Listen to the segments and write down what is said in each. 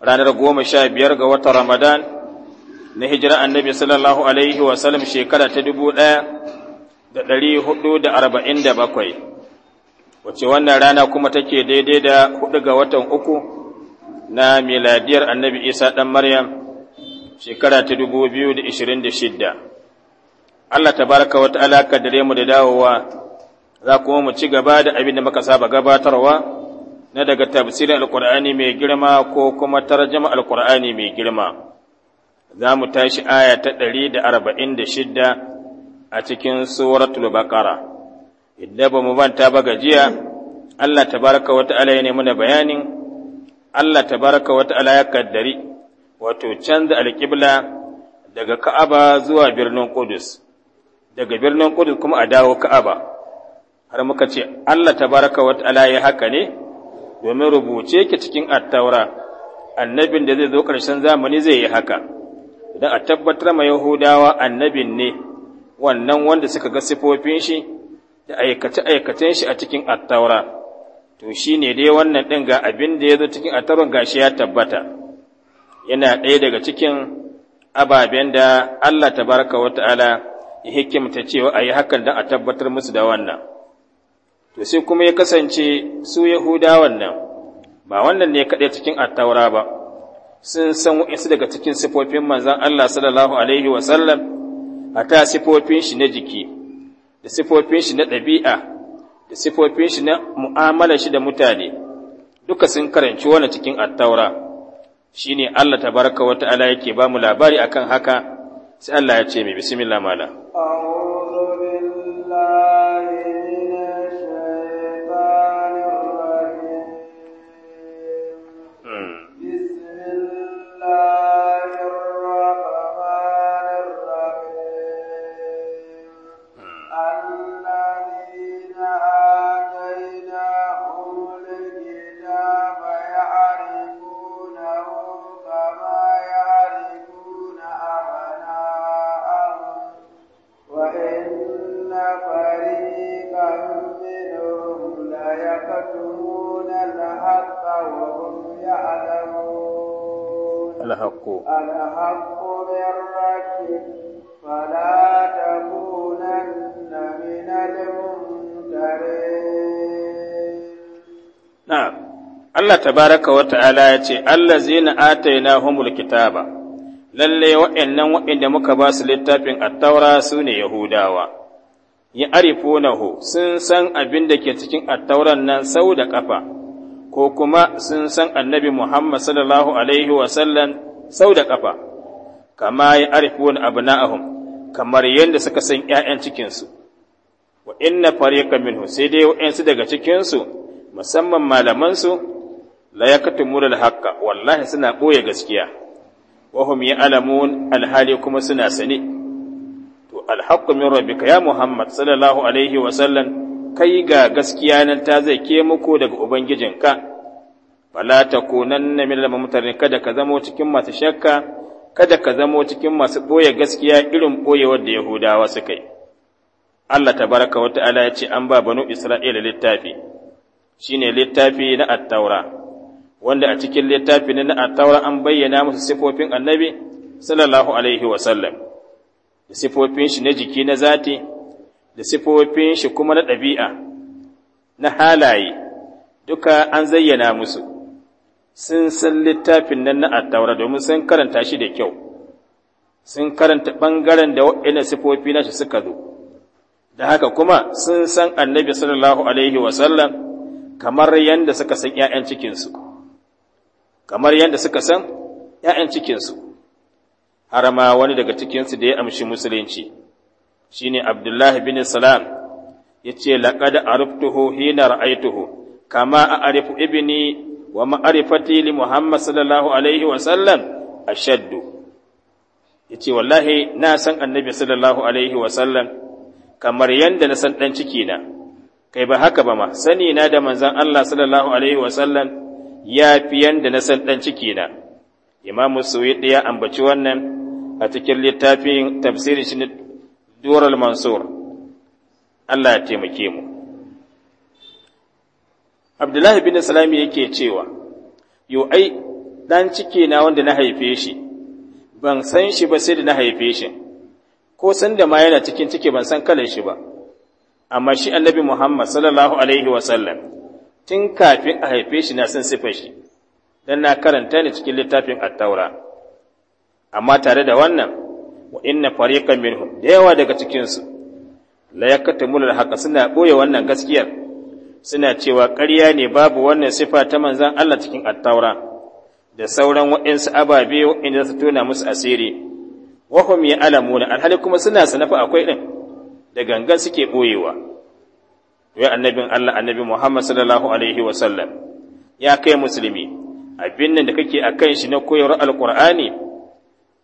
ranar goma sha biyar ga wata Ramadan na hijira annabi sallallahu alaihi wasallam shekara ta dubu ɗaya da ɗari hudu da arba'in da bakwai wace wannan rana kuma take daidai da hudu ga watan uku na miladiyar annabi isa ɗan maryam shekara ta dubu biyu da ishirin da shidda Allah ta baraka wata alaƙa dare mu da dawowa za kuma mu ci gaba da abin da muka saba gabatarwa na daga tafsirin alkur'ani mai girma ko kuma tarjama alkur'ani mai girma za mu tashi aya ta ɗari da arba'in da shidda a cikin suratul baqara idan ba mu manta ba gajiya Allah tabaraka wa ta'ala ya nemi bayanin Allah tabaraka wa ta'ala ya kaddari wato canza alƙibla daga Ka'aba zuwa birnin Qudus daga birnin Qudus kuma a dawo Ka'aba har muka ce Allah tabaraka wa ta'ala ya haka ne domin rubuce ki cikin attaura annabin da zai zo ƙarshen zamani zai yi haka idan a tabbatar ma yahudawa annabin ne wannan wanda suka ga sifofin shi da aikace aikacen shi a cikin attaura to shi ne dai wannan ɗin ga abin da ya zo cikin attaura gashi ya tabbata yana ɗaya daga cikin ababen da Allah tabaraka wa ta'ala ya hikimta cewa a yi hakan don a tabbatar musu da wannan to sai kuma ya kasance su yahudawan nan ba wannan ne kaɗai cikin attaura ba sun san waɗansu daga cikin sifofin manzan Allah sallallahu alaihi wasallam a ta sifofin shi na jiki da sifofin shi na ɗabi'a da sifofin shi na mu'amala shi da mutane duka sun karanci wani cikin attaura shi ne Allah tabaraka wata ala yake ba mu labari akan haka sai Allah ya ce mai bismillah mala Allah tabaraka wa ta'ala ya ce, Allah zina ataina humul kitaba, lalle wa'yannan wa'yanda muka ba su littafin attaura su ne Yahudawa, ya arifunahu sun san abin da ke cikin attauran nan sau da ƙafa, ko kuma sun san annabi Muhammad sallallahu Alaihi wasallam sau da ƙafa, kama ya abu na ahun, kamar yadda suka san ‘ya'yan cikinsu, wa inna fariƙa minhu sai dai wa'yansu daga cikinsu, musamman malamansu, la yaktumun al wallahi suna boye gaskiya wa hum ya'lamun al kuma suna sani. to al-haqqu min rabbika ya muhammad sallallahu alaihi wa sallam kai ga gaskiya nan ta zai ke muku daga ubangijinka fala takunanna min al-mumtarin kada ka zamo cikin masu shakka kada ka zamo cikin masu boye gaskiya irin boyewar da yahudawa suka yi Allah tabaraka wa ta'ala ya ce an ba banu Isra'ila littafi shine littafi na at-taura wanda a cikin littafi na at an bayyana musu sifofin annabi sallallahu alaihi wa sallam da sifofin shi na jiki na zati da sifofin shi kuma na ɗabi'a na halaye duka an zayyana musu sun san littafin nan na at domin sun karanta shi da kyau sun karanta ɓangaren da waɗanda sifofi shi suka zo da haka kuma sun san annabi sallallahu alaihi wasallam kamar yadda suka san ‘ya'yan cikinsu kamar yadda suka san ‘ya'yan cikinsu, har ma wani daga cikinsu da ya amshi musulunci, shi ne Abdullahi bin Salam, ya ce, Laƙad ariftuhu hina ra'aituhu, kama a arifu ibini wa ma'arifati li Muhammad sallallahu Alaihi wasallam a shaddu. Ya ce, Wallahi, na san annabi sallallahu Alaihi wasallam, kamar yadda na san ɗan cikina, kai ba haka ba ma, sani na da manzan Allah sallallahu Alaihi wasallam, ya fi yadda na san ɗan ciki na Imam suyuɗi ya ambaci wannan a cikin littafin tafsirin shi dural mansur Allah ya taimake mu Abdullahi bin Salami yake cewa yo ai ɗan ciki na wanda na haife shi ban san shi ba sai da na haife shi ko san da ma yana cikin ciki ban san kalar shi ba amma shi annabi Muhammad sallallahu alaihi wa tun kafin a haife shi na san sifar shi dan na karanta ni cikin littafin attaura. taura amma tare da wannan wa inna fariqan minhum da yawa daga cikin ya kata yakatumul haka suna ɓoye wannan gaskiyar suna cewa ƙarya ne babu wannan sifa ta manzan Allah cikin attaura. da sauran waɗansu ababe waɗanda su tona musu asiri wahum ya alamuna alhali kuma suna sanafa akwai ɗin da gangan suke ɓoyewa ya annabin Allah annabi Muhammad sallallahu alaihi wa ya kai musulmi abin nan da kake akan shi na koyar al'kur'ani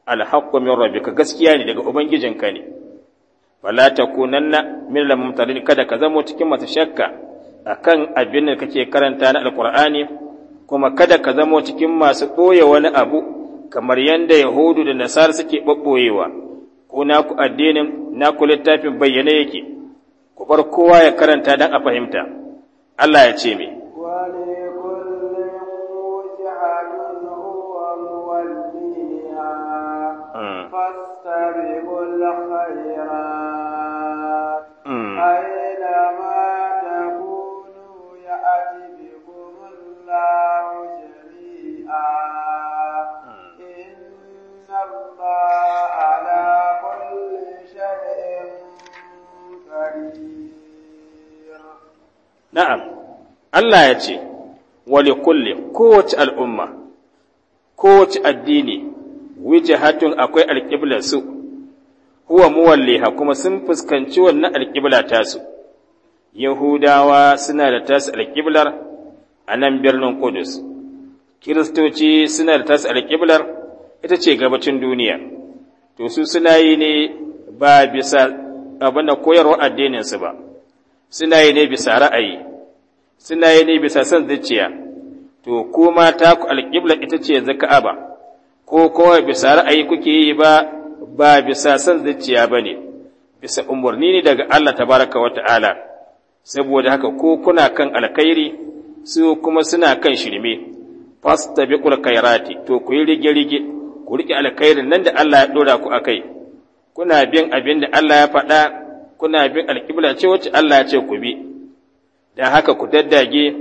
alhaqqu min rabbika gaskiya ne daga ubangijinka ne wala takunanna min lamtarin kada ka zama cikin masu shakka akan abin da kake karanta na al'kur'ani kuma kada ka zama cikin masu ɓoye wani abu kamar yadda yahudu da nasar suke babboyewa ko naku addinin naku littafin bayyana yake ku bar kowa ya karanta dan a fahimta Allah ya ce me فاستبقوا الخيرات Allah ya ce wali kulli kowace al'umma kowace addini hatun akwai alƙiblar su huwa muwalliha kuma sun fuskanci wannan alƙibla tasu yahudawa suna da tasu alƙiblar a nan birnin kudus kiristoci suna da tasu alƙiblar ita ce gabacin duniya to su suna yi ne ba bisa abin da koyarwa addininsu ba suna yi ne bisa ra'ayi suna yi ne bisa son zuciya to ko mata ku alƙibla ita ce yanzu ka'aba ko kuma bisa ra'ayi kuke yi ba ba bisa son zuciya ba ne bisa umarni ne daga Allah ta baraka wa ta'ala saboda haka ko kuna kan alkhairi su kuma suna kan shirme fastabiqul khairati to ku yi rige rige ku rike alkhairin nan da Allah ya dora ku akai kuna bin abin da Allah ya faɗa kuna bin alƙibla ce wacce Allah ya ce ku bi dan haka ku daddage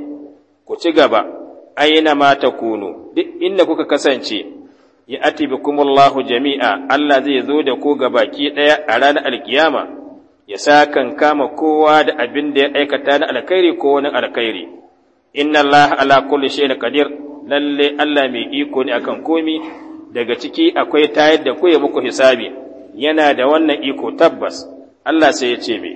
ku ci gaba aina ma kunu. duk inda kuka kasance ya ati kumullahu jami'a Allah zai zo da ku baki daya a ranar alkiyama ya sa kan kama kowa da abin da ya aikata na alkhairi ko wani alkhairi inna Allah ala kulli shay'in qadir lalle Allah mai iko ne akan komi daga ciki akwai tayar da ku ya muku hisabi yana da wannan iko tabbas Allah sai ya ce me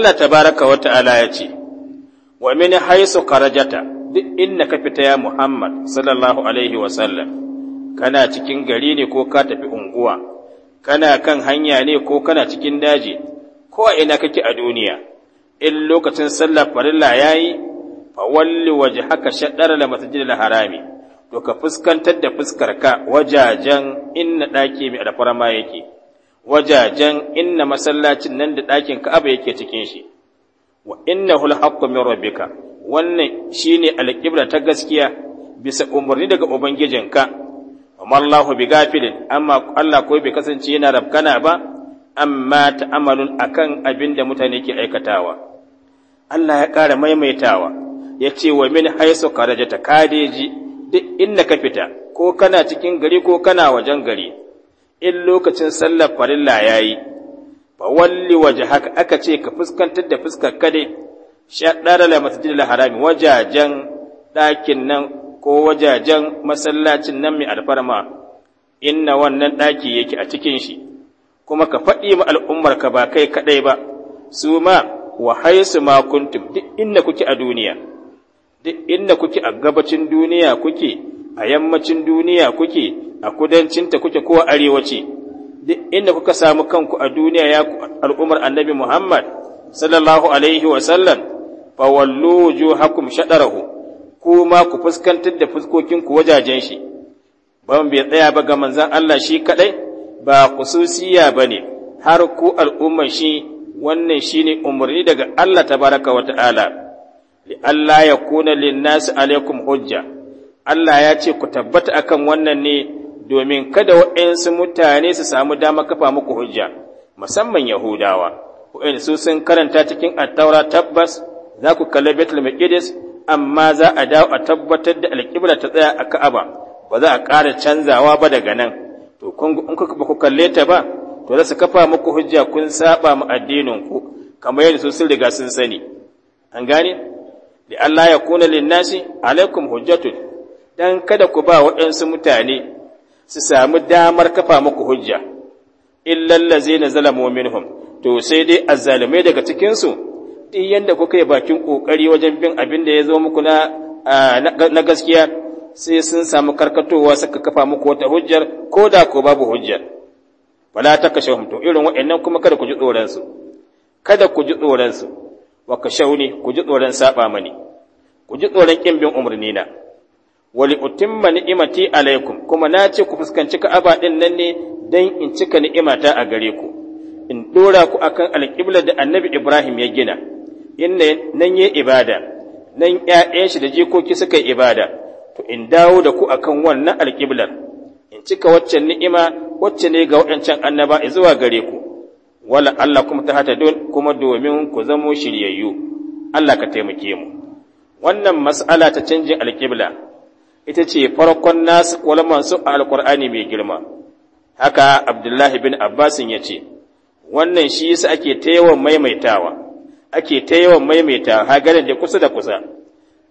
Allah tabaraka wa ta'ala ya ce wa mini haisu karajata duk inda ka fita ya Muhammad sallallahu alaihi wa kana cikin gari ne ko ka tafi unguwa kana kan hanya ne ko kana cikin daji ko a ina kake a duniya in lokacin sallar farilla yayi fa walli shaɗar da la da harami to ka fuskantar da fuskar ka wajajen inna daki mai alfarma yake wajajen inna masallacin nan da ɗakin ka'aba yake cikin shi wa innahul haqqu min rabbika wannan shine alqibla ta gaskiya bisa umarni daga ubangijinka amma Allahu bi gafilin amma Allah ko bai kasance yana rabkana ba amma ta'amalun akan abin da mutane ke aikatawa Allah ya ƙara maimaitawa ya ce wa min haisu karajata kadeji duk inda ka fita ko kana cikin gari ko kana wajen gari in lokacin sallar farilla ya yi fa walli waje haka aka ce ka fuskantar da fuskar kade shaɗar la masjid harami wajajen ɗakin nan ko wajajen masallacin nan mai alfarma inna wannan ɗaki yake a cikin shi kuma ka faɗi ma al'ummar ka ba kai kaɗai ba su ma wa haisu ma kuntum duk inda kuke a duniya duk inda kuke a gabacin duniya kuke a yammacin duniya kuke a kudancinta kuke ko arewaci duk inda kuka samu kanku a duniya ya al'umar annabi Muhammad sallallahu alaihi wa sallam fa wallu wujuhakum shadarahu kuma ku fuskantar da fuskokin ku wajajen shi ban bai tsaya ba ga manzan Allah shi kadai ba khususiya bane har ku al'ummar shi wannan shine umarni daga Allah tabaraka wa ta'ala li Allah yakuna lin-nasi alaikum hujja Allah ya ce ku tabbata akan wannan ne domin kada waɗansu mutane su samu dama kafa muku hujja musamman yahudawa waɗanda su sun karanta cikin attaura tabbas za ku kalli betul maqdis amma za a dawo a tabbatar da alƙibla ta tsaya a ka'aba ba za a ƙara canzawa ba daga nan to in kuka ba ku kalle ta ba to za su kafa muku hujja kun saba mu addinin ku kamar yadda su sun riga sun sani an gane da Allah ya kuna linnasi alaikum hujjatun dan kada ku ba waɗansu mutane su samu damar kafa muku hujja illal na zalamu minhum to sai dai azzalume daga cikin su din yanda kuka yi bakin kokari wajen bin abin da ya zo muku na gaskiya sai sun samu karkatowa suka kafa muku wata hujjar ko da ko babu hujjar wala takashahum to irin wa'annan kuma kada ku ji tsoron kada ku ji tsoron su wa kashawni ku ji tsoron saba mani ku ji tsoron kin bin na. wali utimma ni'imati alaikum kuma na ce ku fuskanci ka'aba din nan ne dan in cika ni'imata a gare ku in dora ku akan alƙiblar da annabi Ibrahim ya gina inna nan yi ibada nan ƴaƴan shi da jikoki suka yi ibada to in dawo da ku akan wannan alƙiblar in cika waccan ni'ima wacce ne ga waɗancan annaba zuwa gare ku wala Allah kuma ta hata don kuma domin ku zamo shiryayyu Allah ka taimake mu wannan mas'ala ta canjin alƙibla ita ce farkon nasu su alkur'ani mai girma haka abdullahi bin abbasin ya ce wannan shi yasa ake ta yawan maimaitawa ake ta yawan maimaita hagarin da kusa da kusa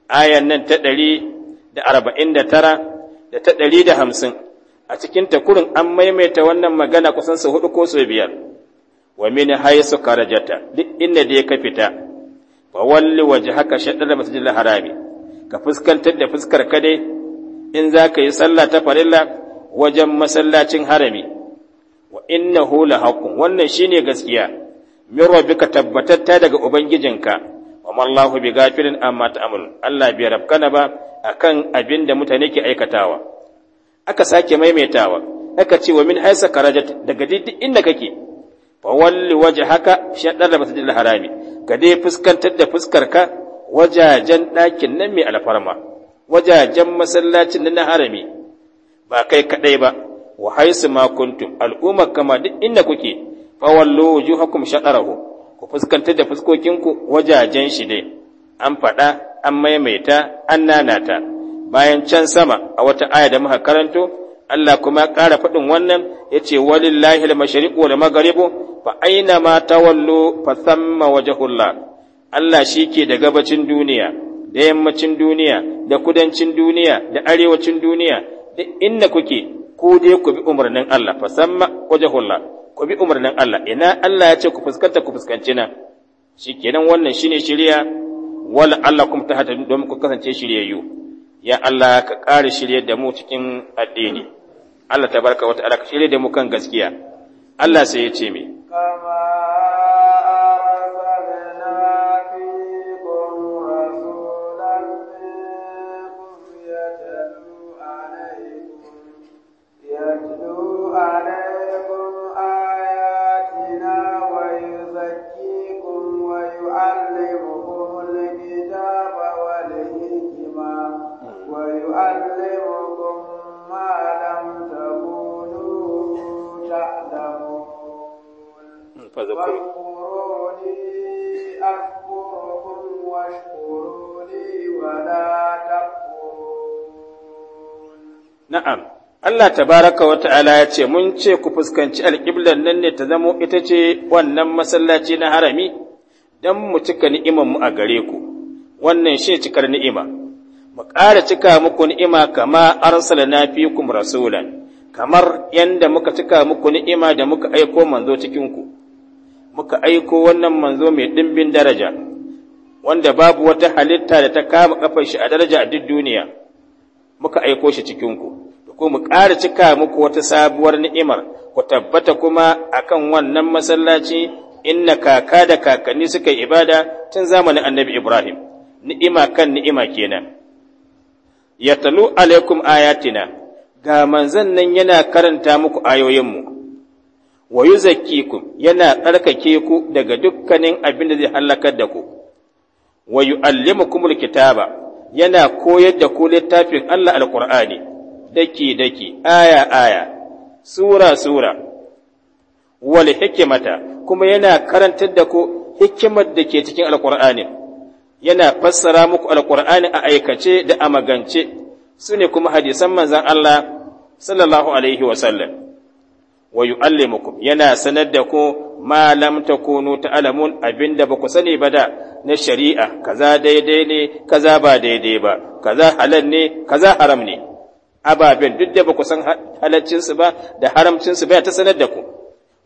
ayan nan ta ɗari da arba'in da tara da ta ɗari da hamsin a cikin takurin an maimaita wannan magana kusan su hudu ko su biyar wa min haisu karajata duk inda da ya ka fita fa walli waje haka shaɗar masjidil harami ka fuskantar da fuskar ka dai in za ka yi sallah ta farilla wajen masallacin harami wa innahu la haqqun wannan shine gaskiya min rabbika tabbatatta daga ubangijinka wa mallahu bi gafirin amma ta'mal Allah bai rabkana ba akan abin da mutane ke aikatawa aka sake maimaitawa aka ce wa min haisa karajat daga duk inda kake fa walli wajhaka da masjidil harami ka dai fuskantar da fuskar ka wajajen ɗakin nan mai alfarma wajajen masallacin nan na harami ba kai kaɗai ba wa haisu ma kuntum al'umma kama duk inda kuke fawallo wujuhakum shaqarahu ku fuskantar da fuskokinku wajajen shi ne an faɗa an maimaita an nanata bayan can sama a wata aya da muka karanto Allah kuma ƙara faɗin wannan ya ce walillahi al-mashriqu wal maghribu fa aina ma tawallu fa thamma wajhullah Allah shi ke da gabacin duniya da yammacin duniya da kudancin duniya da arewacin duniya da inda kuke ku dai ku bi umarnin Allah fasamma wajhullah ku bi umarnin Allah ina Allah ya ce ku fuskanta ku fuskanci nan shikenan wannan ne shirya? wala Allah kuma ta hata don ku kasance shiryayyu ya Allah ka ƙara shiryar da mu cikin addini Allah tabaraka wa wata ka shirya da mu kan gaskiya Allah sai ya ce me Allah tabaraka wa ta'ala ya ce, Mun ce ku fuskanci alƙiblar nan ne ta zamo ita ce wannan masallaci na harami, don mu cika ni'imanmu a gare ku, wannan shi cikar ni'ima, mu ƙara cika muku ni'ima kama arsala na fi kum rasulan, kamar yadda muka cika muku ni'ima da muka aiko manzo cikinku, muka aiko wannan manzo mai ɗimbin daraja, wanda babu wata halitta da ta kama ƙafar shi a daraja a duk duniya, muka aiko shi cikinku. ko mu ƙara cika muku wata sabuwar ni'imar ku tabbata kuma akan wannan masallaci inna kaka da kakanni suka yi ibada tun zamanin annabi Ibrahim ni'ima kan ni'ima kenan Ya yatalu alaikum ayatina ga manzon nan yana karanta muku ayoyinmu wa ku yana tsarkake ku daga dukkanin abin da zai hallakar da ku wa yu'allimukumul kitaba yana koyar da ku littafin Allah alqur'ani daki-daki, aya-aya, sura-sura, wal hikimata kuma yana karantar da ku hikimar da ke cikin alƙur'ani, yana fassara muku alƙur'ani a aikace da a magance, su ne kuma hadisan manzan Allah sallallahu alaihi wasallam. wa yu'allimukum yana sanar da ku ma lam takunu ta'lamun abinda ba ku sani ba da na shari'a kaza daidai ne kaza ba daidai ba kaza halal ne kaza haram ne ababen duk da ba ku san halaccinsu ba da haramcinsu ba ya ta sanar da ku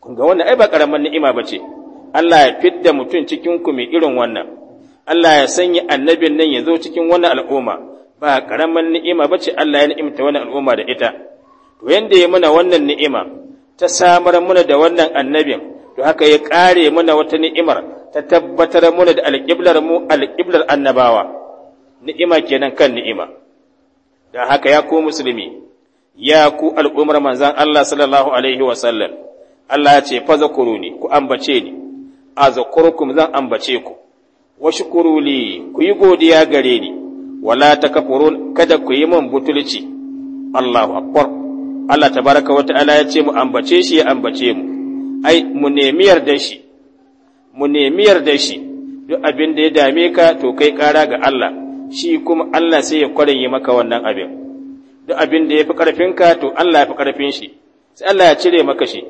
kun ga wannan ai ba karamar ni'ima ba ce Allah ya fidda mutum cikin ku mai irin wannan Allah ya sanya annabin nan ya zo cikin wannan al'umma ba karaman ni'ima ba ce Allah ya ni'imta wannan al'umma da ita to yanda ya muna wannan ni'ima ta samar muna da wannan annabin to haka ya kare muna wata ni'imar ta tabbatar muna da alƙiblar mu alƙiblar annabawa ni'ima kenan kan ni'ima da haka ya ku musulmi ya ku al'ummar manzan Allah sallallahu alaihi wasallam Allah ya ce fa zakuruni ku ambace ni a zakurukum zan ambace ku wa kuruli ku yi godiya gare ni wala takfurun kada ku yi min butulci Allahu akbar Allah tabaraka wa ta'ala ya ce mu ambace shi ya ambace mu ai mu nemi da shi mu nemi da shi duk abin da ya dame ka to kai kara ga Allah shi kuma Allah sai ya kware yi maka wannan abin duk abin da ya fi ƙarfinka to Allah ya fi ƙarfin shi sai Allah ya cire maka shi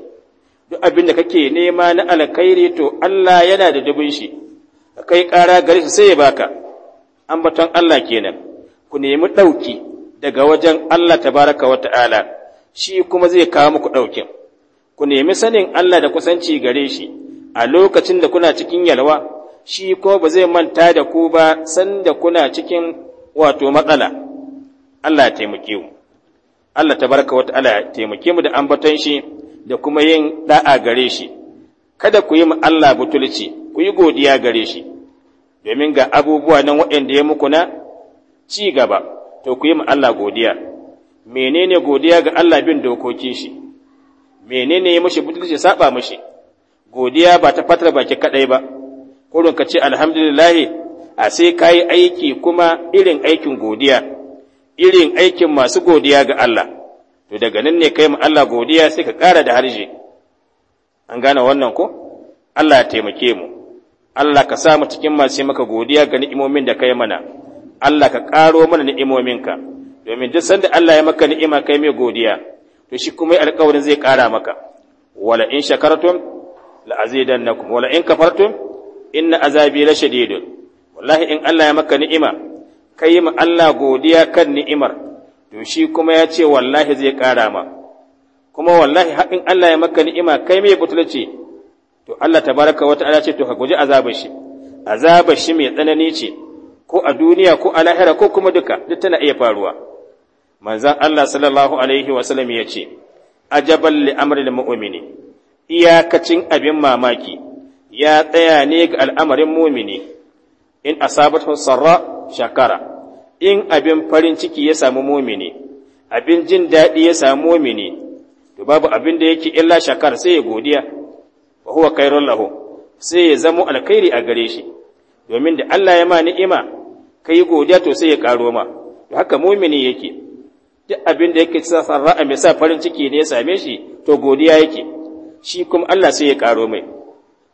duk abin da kake nema na alkhairi to Allah yana da dubin shi kai ƙara gare shi sai ya baka ambaton Allah kenan ku nemi ɗauki daga wajen Allah tabaraka wa ta'ala shi kuma zai kawo muku ɗaukin ku nemi sanin Allah da kusanci gare shi a lokacin da kuna cikin yalwa shi ko ba zai manta da ku ba sanda kuna cikin wato matsala Allah ya taimake mu Allah tabaraka Allah ya taimake mu da ambaton shi da kuma yin da'a gare shi kada ku yi Allah butulci ku yi godiya gare shi domin ga abubuwa nan waɗanda ya muku na ci gaba to ku yi Allah godiya menene godiya ga Allah bin dokokin shi menene ya mushi butulci saba mushi godiya ba ta fatar baki kaɗai ba kurun ka ce alhamdulillahi a sai ka yi aiki kuma irin aikin godiya irin aikin masu godiya ga Allah to daga nan ne kai ma Allah godiya sai ka ƙara da harje an gane wannan ko Allah ya taimake mu Allah ka sa mu cikin masu maka godiya ga ni'imomin da kai mana Allah ka ƙaro mana ni'imominka domin duk sanda Allah ya maka ni'ima kai mai godiya to shi kuma alƙawarin zai ƙara maka wala in shakartum la azidannakum wala in kafartum inna azabi la shadidun wallahi in Allah ya maka ni'ima kai ma Allah godiya kan ni'imar to shi kuma ya ce wallahi zai kara ma kuma wallahi in Allah ya maka ni'ima kai mai butulci to Allah tabaraka wa ta'ala ce to ka guji azabar shi azabar shi mai tsanani ce ko a duniya ko a lahira ko kuma duka duk tana iya faruwa manzon Allah sallallahu alaihi wa sallam ya ce ajabal li amril mu'mini iyakacin abin mamaki ya tsaya ne ga al'amarin mumini in a sabatun sarra shakara in abin farin ciki ya sami mumini abin jin daɗi ya samu mumini to babu abin da yake illa shakar sai ya godiya ba huwa khairul lahu sai ya zamo alkhairi a gare shi domin da Allah ya ma ni'ima ka yi godiya to sai ya karo ma to haka mumini yake duk abin da yake sa sarra mai sa farin ciki ne ya same shi to godiya yake shi kuma Allah sai ya karo mai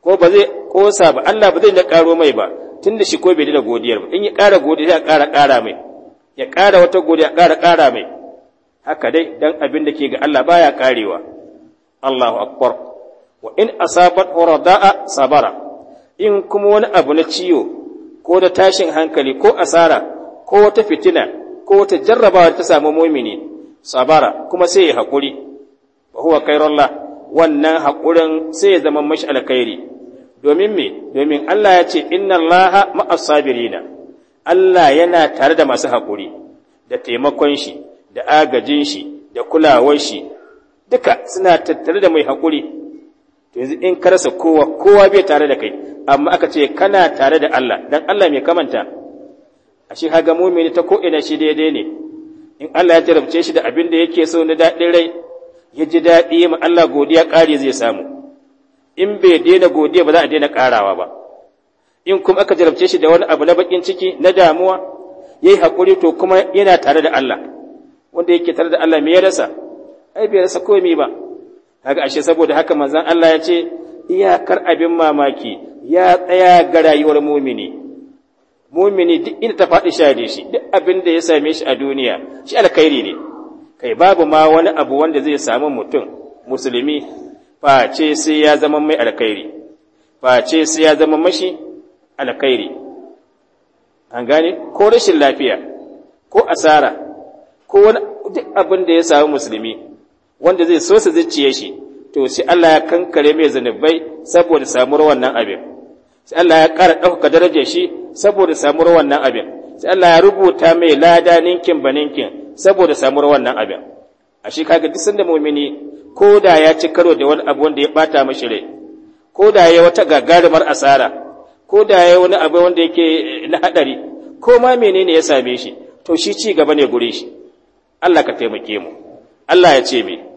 ko ba zai kosa ba Allah ba zai da karo mai ba tunda shi ko bai da godiyar ba in ya kara godiya ya kara kara mai ya kara wata godiya ya kara kara mai haka dai dan abin da ke ga Allah baya karewa Allahu akbar wa in asabat urdaa sabara in kuma wani abu na ciwo ko da tashin hankali ko asara ko wata fitina ko wata jarrabawa ta samu mumini sabara kuma sai ya hakuri wa huwa khairullah wannan hakurin sai ya zama mashi alkhairi domin me domin Allah ya ce inna Allah ma'as Allah yana tare da masu haƙuri da taimakon shi da agajin shi da kulawar shi duka suna tattare da mai haƙuri to yanzu in ka rasa kowa kowa bai tare da kai amma aka ce kana tare da Allah dan Allah mai kamanta ashe haga mumini ta ko'ina shi daidai ne in Allah ya jarabce shi da abin da yake so na daɗin rai ya ji daɗi ma Allah godiya ƙari zai samu in bai daina godiya ba za a daina karawa ba in kuma aka jarabce shi da wani abu na bakin ciki na damuwa yayi hakuri to kuma yana tare da Allah wanda yake tare da Allah me ya rasa ai bai rasa komai ba kaga ashe saboda haka manzon Allah ya ce iyakar abin mamaki ya tsaya ga rayuwar mumini mumini duk inda ta faɗi shade shi duk abin da ya same shi a duniya shi alkhairi ne kai babu ma wani abu wanda zai samu mutum musulmi face sai ya zama mai alkhairi face sai ya zama mashi alkhairi an gane ko rashin lafiya ko asara ko wani duk abin da ya samu musulmi wanda zai so su zuciye shi to sai Allah ya kankare mai zanubai saboda samuwar wannan abin sai Allah ya ƙara ɗaukaka darajar shi saboda samuwar wannan abin sai Allah ya rubuta mai lada ninkin ba ninkin saboda samuwar wannan abin a shi kaga duk sanda mumini ko da ya ci karo da wani abu wanda ya bata mashi rai ko da ya wata gagarumar asara ko da ya wani abu wanda yake eh, na hadari ko ma menene ya same shi to shi ci gaba ne gure shi Allah ka taimake mu Allah ya ce mai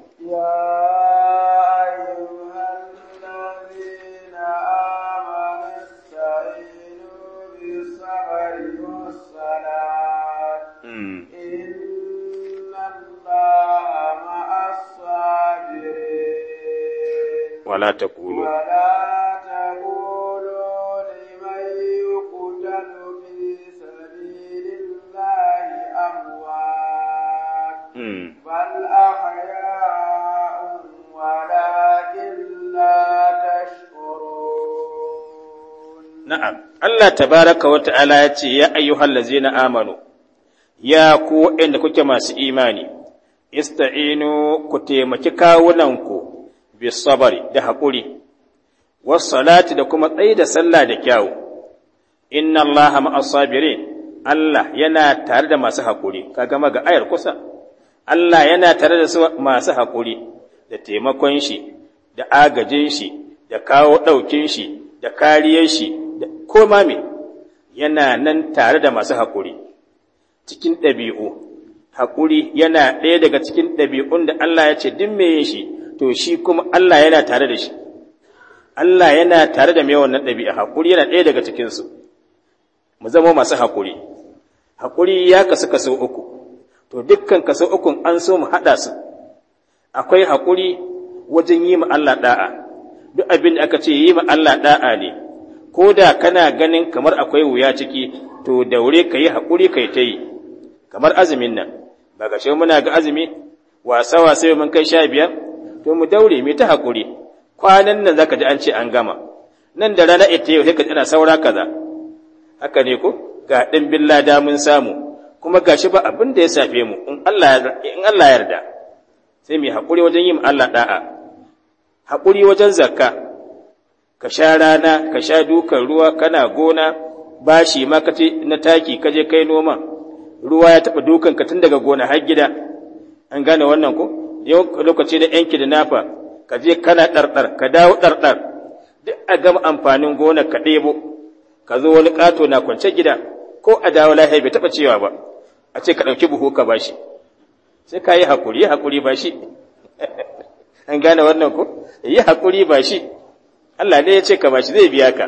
waɗa ta ɓoro ni lahi amuwa na'am Allah Ta baraka wata ala ya ce ya ayyo halazzina amadu ya ko inda kuke masu imani. yas ta'inu ku taimaki kawunanku. bisabari da haƙuri salati da kuma tsaye da sallah da kyawu inna allaha ma'as Allah yana tare da masu haƙuri kaga maga ayar kusa Allah yana tare da masu haƙuri da taimakon shi da agajin shi da kawo ɗaukin shi da kariyar shi da koma me yana nan tare da masu haƙuri cikin ɗabi'u haƙuri yana ɗaya daga cikin ɗabi'un da Allah ya ce dimme me shi to shi kuma Allah yana tare da shi Allah yana tare da mai wannan ɗabi'a hakuri yana ɗaya daga cikinsu mu zama masu hakuri hakuri ya kasu kaso uku to dukkan kaso ukun an so mu haɗa su akwai hakuri wajen yi ma Allah ɗa'a duk abin da aka ce yi ma Allah ɗa'a ne ko da kana ganin kamar akwai wuya ciki to daure ka yi hakuri kai ta yi kamar azumin nan ba ga muna ga azumi wasa wasa mun kai sha biyar to mu daure mu ta hakuri kwanan nan zaka ji an ce an gama nan da rana ita yau sai ka tsina saura kaza haka ne ko ga din billa mun samu kuma gashi ba abin da ya safe mu in Allah in Allah yarda sai mu hakuri wajen yin Allah da'a hakuri wajen zakka ka sha rana ka sha dukan ruwa kana gona bashi ma ka ce na taki ka je kai noma ruwa ya taɓa dukan ka tun daga gona har gida an gane wannan ko lokaci da yanki da nafa ka je kana ɗarɗar ka dawo ɗarɗar duk a gama amfanin gona ka ɗebo ka zo wani ƙato na kwance gida ko a dawo lahiya bai taɓa cewa ba a ce ka ɗauki buhu ka bashi sai ka yi haƙuri yi haƙuri ba shi an gane wannan ko yi haƙuri ba shi Allah ne ya ce ka bashi zai biya ka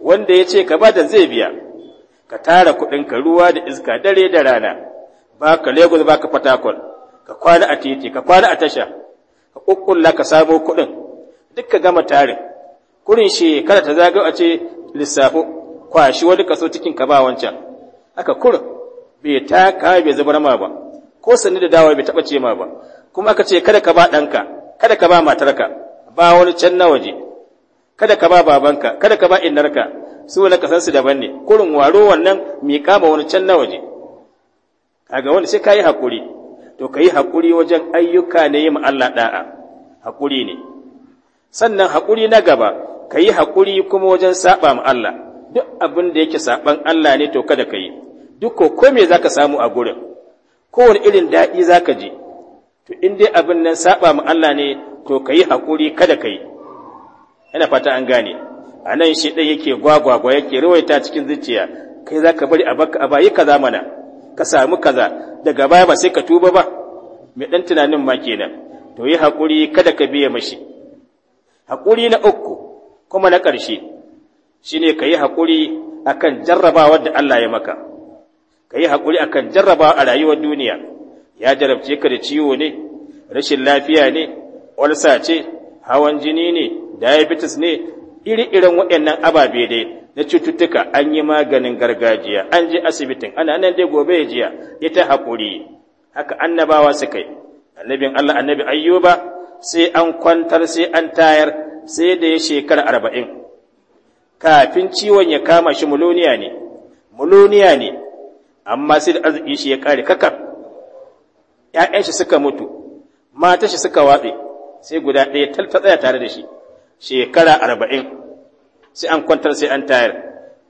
wanda ya ce ka da zai biya ka tara kuɗin ka ruwa da iska dare da rana ba ka Lagos ba ka Fatakwal ka kwana a titi ka kwana a tasha ka kukkulla ka sabo kuɗin duk ka gama tarin kurin shi kada ta zaga a ce lissafo kwashi wani kaso cikin ka ba wancan aka kurin bai taka bai zubar ma ba ko sani da dawa bai taɓa ce ma ba kuma aka ce kada ka ba ɗanka kada ka ba matarka ba wani can na waje kada ka ba babanka kada ka ba innarka su wani su daban ne kurin waro wannan mi kama wani can na waje kaga wani sai ka yi haƙuri to ka yi haƙuri wajen ayyuka na ma Allah ɗa'a haƙuri ne sannan haƙuri na gaba ka yi haƙuri kuma wajen saɓa ma Allah duk abin da yake saɓan Allah ne to kada ka yi duk ko ko me za ka samu a gurin kowane irin daɗi za ka ji to in dai abin nan saɓa ma Allah ne to ka yi haƙuri kada ka yi ina fata an gane a nan shi ɗan yake gwagwagwa yake rawaita cikin zuciya kai za ka bari a baka a bayi kaza mana ka samu kaza daga baya ba sai ka tuba ba mai ɗan tunanin ma kenan to yi haƙuri kada ka biya mashi haƙuri na uku kuma na ƙarshe shine ka yi haƙuri akan kan jarrabawa da Allah ya maka ka yi haƙuri akan kan jarrabawa a rayuwar duniya ya jarabce ka da ciwo ne rashin lafiya ne olsa ce hawan jini ne diabetes ne iri irin waɗannan ababe dai na cututtuka an yi maganin gargajiya an je asibitin ana nan dai gobe ya jiya ya ta haƙuri haka annabawa su yi annabin Allah annabi ayyuba sai an kwantar sai an tayar sai da ya shekara arba'in kafin ciwon ya kama shi muloniya ne muloniya ne amma sai da arziki shi ya kare kaka ‘ya'yan shi suka mutu mata shi suka watse sai guda ɗaya ta tsaya tare da shi shekara arba'in sai an kwantar sai an tayar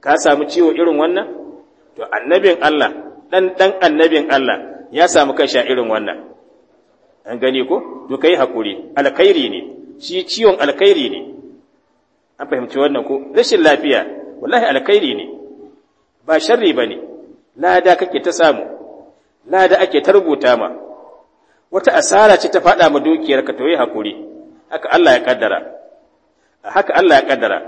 ka samu ciwo irin wannan to annabin Allah dan dan annabin Allah ya samu kansa irin wannan an gani ko to kai hakuri alkhairi ne shi ciwon alkhairi ne an fahimci wannan ko rashin lafiya wallahi alkhairi ne ba sharri bane lada kake ta samu lada ake ta rubuta ma wata asara ce ta faɗa ma dukiyar ka to yi hakuri haka Allah ya kaddara haka Allah ya kaddara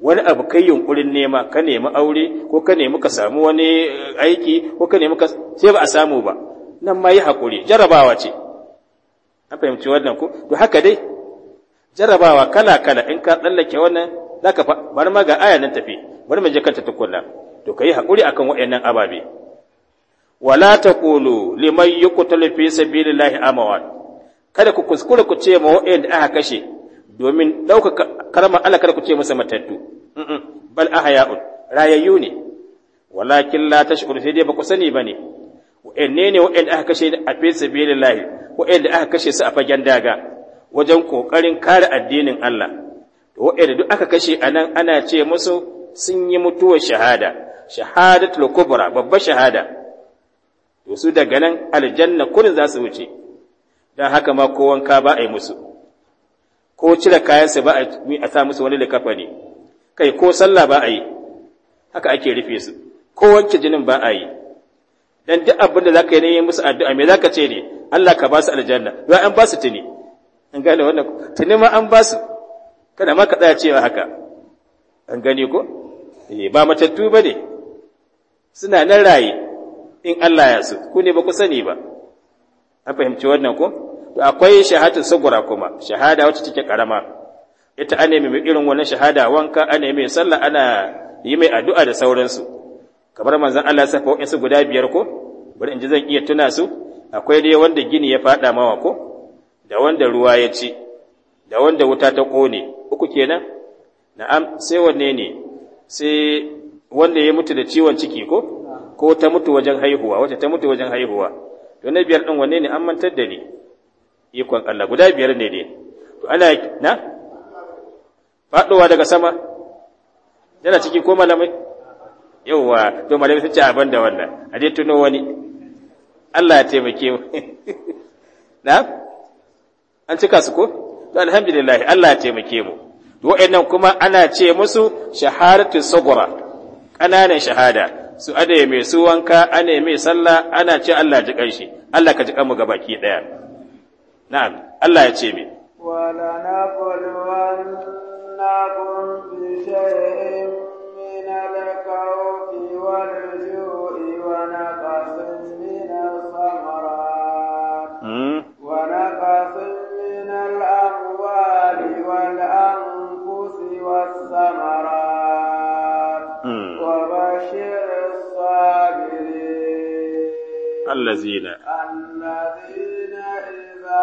wani abu kai yunkurin nema ka nemi aure ko ka nemi ka samu wani eh, aiki ko ka nemi ka sai ba a samu ba nan ma yi hakuri jarabawa ce an fahimci wannan ko to haka dai jarabawa kala kala in ka tsallake wannan zaka bar ma ga aya nan tafi bar mu je kanta tukunna to kai hakuri akan waɗannan ababe wala taqulu liman yuqtalu fi sabilillahi amwat kada ku kuskura ku ce ma wayanda aka kashe domin ɗaukaka karama Allah kada ku ce masa matattu bal ahya'un rayayyu ne walakin la tashkuru sai dai ba ku sani bane wa'anne ne wa'anda aka kashe a wa'anda aka kashe su a fagen daga wajen kokarin kare addinin Allah wa'anda duk aka kashe a nan ana ce musu sun yi mutuwar shahada shahadatul kubra babbar shahada to su daga nan aljanna kullun za su wuce dan haka ma ko wanka ba a yi musu ko cire kayansa ba a sa musu wani likafani kai ko sallah ba a yi haka ake rufe su ko wanke jinin ba a yi dan duk abin da zaka yi ne musu addu'a me zaka ce ne Allah ka ba su aljanna ba an ba su tuni an gane wannan tuni ma an ba su kada ma ka tsaya cewa haka an gane ko eh ba matattu bane suna nan raye in Allah ya so ku ne ba ku sani ba an fahimci wannan ko to akwai shahadar sugura kuma shahada wacce take karama ita an nemi mai irin wannan shahada wanka an nemi sallah ana yi mai addu'a da sauransu kamar manzon Allah ya saka wa'insu guda biyar ko bari in ji zan iya tuna su akwai dai wanda gini ya fada mawa ko da wanda ruwa ya ci da wanda wuta ta kone uku kenan na'am sai wanne ne sai wanda ya mutu da ciwon ciki ko ko ta mutu wajen haihuwa wacce ta mutu wajen haihuwa to na biyar din wanne ne an mantar da ni ikon Allah guda biyar ne dai to ana na faɗowa daga sama yana ciki ko malamai yauwa to malamai sun ce abin da wannan a dai tuno wani Allah ya taimake mu na an cika su ko to alhamdulillah Allah ya taimake mu wa'annan kuma ana ce musu shahadatu sagura ƙananan shahada su ana mai su wanka ana mai sallah ana ce Allah ji kanshi Allah ka ji kanmu gabaki daya نعم الله يتيمي ولا نقول أنكم بشيء من الخوف والجوء ونقص من الثمرات ونقص من الأموال والأنفس والثمرات وبشر الصابرين الذين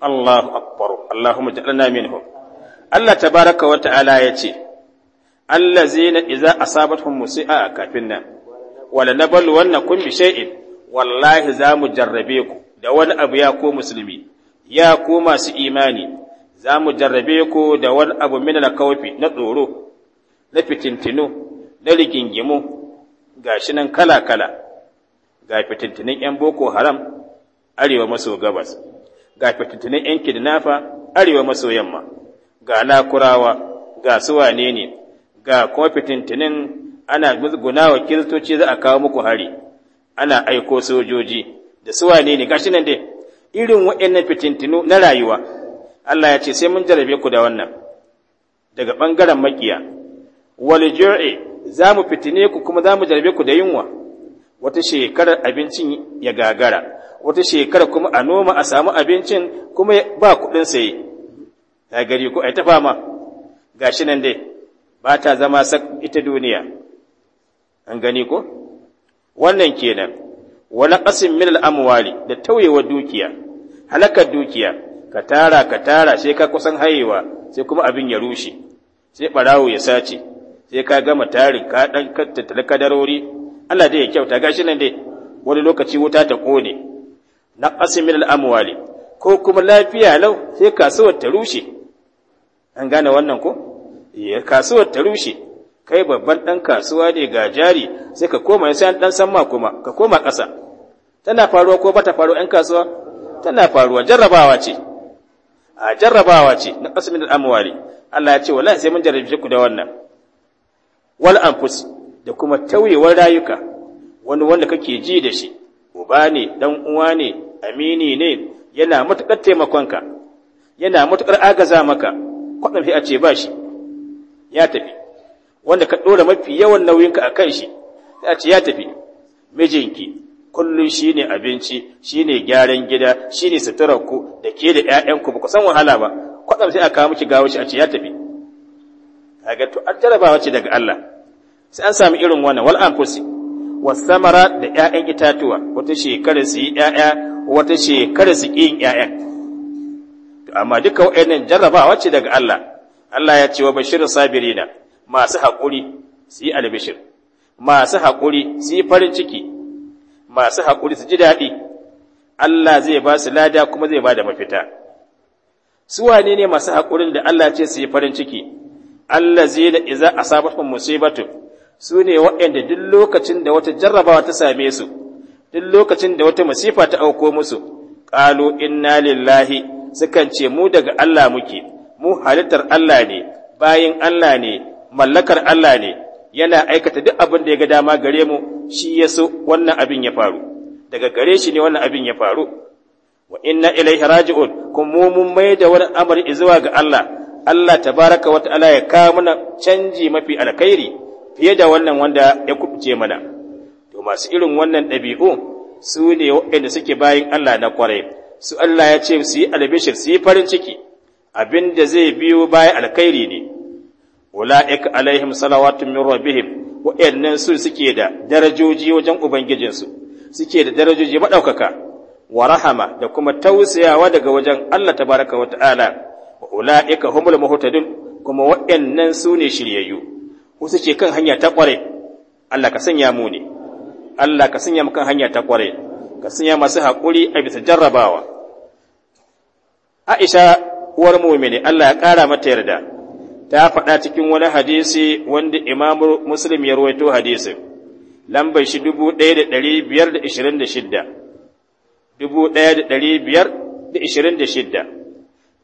Allahu akbar Allahumma ja'alna minhum Allah tabaraka wa ta'ala yace allazina idza asabatuhum musi'a kafin nan wala nabluwannakum bi shay'in wallahi za mu jarrabe ku da wani abu ya ko musulmi ya ko masu imani za mu jarrabe ku da wani abu min al-kawfi na tsoro na fitintinu na rigingimu gashi nan kala kala ga fitintinin yan boko haram arewa maso gabas ga fitattunan ‘yan kidnafa arewa maso yamma, ga lakurawa, ga suwane ne, ga kuma fitattunan ana gunawa kiristoci za a kawo muku hari, ana aiko sojoji, da suwane ne, gashi nan dai, irin waɗannan fitintinu na rayuwa, Allah ya ce sai mun jarabe ku da wannan, daga ɓangaren makiya, wal za mu fitine ku kuma za mu jarabe ku da yunwa, wata shekarar abincin ya gagara. wata shekara kuma a noma a samu abincin kuma ba kuɗin saye ta gari ko ai ta fama gashi nan dai ba ta zama sak ita duniya an gani ko wannan kenan wala qasim min al da tauyewar dukiya halakar dukiya ka tara ka tara sai ka kusan hayewa sai kuma abin ya rushe sai barawo ya sace sai ka gama tarin ka dan tattala kadarori Allah dai ya kyauta gashi nan dai wani lokaci wuta ta ƙone. na qasimin al'amuwali, ko kuma lafiya lau sai kasuwar ta rushe an gane wannan ko ya eh, kasuwar ta rushe kai babban ɗan kasuwa ne ga jari sai ka koma sai an ɗan samma kuma ka koma ƙasa tana faruwa ko bata faruwa ‘yan kasuwa tana faruwa jarrabawa ce a jarrabawa ce na ƙasimin al'amuwali, Allah ya ce wallahi sai mun jarrabe ku da wannan wal anfus da kuma tauyewar rayuka wani wanda kake ji da shi uba ne dan uwa ne amini ne yana matuƙar taimakonka yana matuƙar agaza maka kwaɗan fi a ce ba shi ya tafi wanda ka ɗora mafi yawan nauyinka a kan shi sai a ce ya tafi mijinki kullum shi ne abinci shi ne gyaran gida shi ne suturarku da ke da 'ya'yanku ba ku san wahala ba kwaɗan sai a kawo miki gawo shi a ce ya tafi kaga to an jarabawa ce daga Allah sai an sami irin wannan wal anfusi wasamara da ‘ya'yan itatuwa wata shekara su yi ‘ya'ya wata shekara su ƙin ‘ya'yan amma duka wa'annan jarrabawa ce daga Allah Allah ya ce wa bashir sabirina masu haƙuri su yi albishir masu haƙuri su yi farin ciki masu haƙuri su ji daɗi Allah zai ba su lada kuma zai ba da mafita su wane ne masu haƙurin da Allah ce su yi farin ciki Allah zai da iza asabatu musibatu su ne waɗanda duk lokacin da wata jarrabawa ta same su duk lokacin da wata masifa ta auko musu qalu inna lillahi sukan ce mu daga Allah muke mu halittar Allah ne bayin Allah ne mallakar Allah ne yana aikata duk abin da ya ga dama gare mu shi ya so wannan abin ya faru daga gare shi ne wannan abin ya faru wa inna ilaihi raji'un kuma mun mai da wani amari zuwa ga Allah Allah tabaraka wa ta'ala ya kawo mana canji mafi alkhairi fiye da wannan wanda ya kubuce mana to masu irin wannan ɗabi'u su ne waɗanda suke bayan Allah na kwarai su Allah ya ce su yi albishir su yi farin ciki abin da zai biyo bayan alkhairi ne ula'ika alaihim salawatun min rabbihim waɗannan su suke da darajoji wajen ubangijinsu suke da darajoji maɗaukaka wa rahama da kuma tausayawa daga wajen Allah tabaraka wa ta'ala wa ula'ika humul muhtadun kuma waɗannan su ne shiryayyu wasu ce kan hanya ta kware Allah ka sanya mu ne Allah ka sanya mu kan hanya ta kware ka sanya masu haƙuri a bisa jarrabawa Aisha uwar mu'mini Allah ya ƙara mata yarda ta faɗa cikin wani hadisi wanda Imam Muslim ya rawaito hadisin lambar shi 1526 1526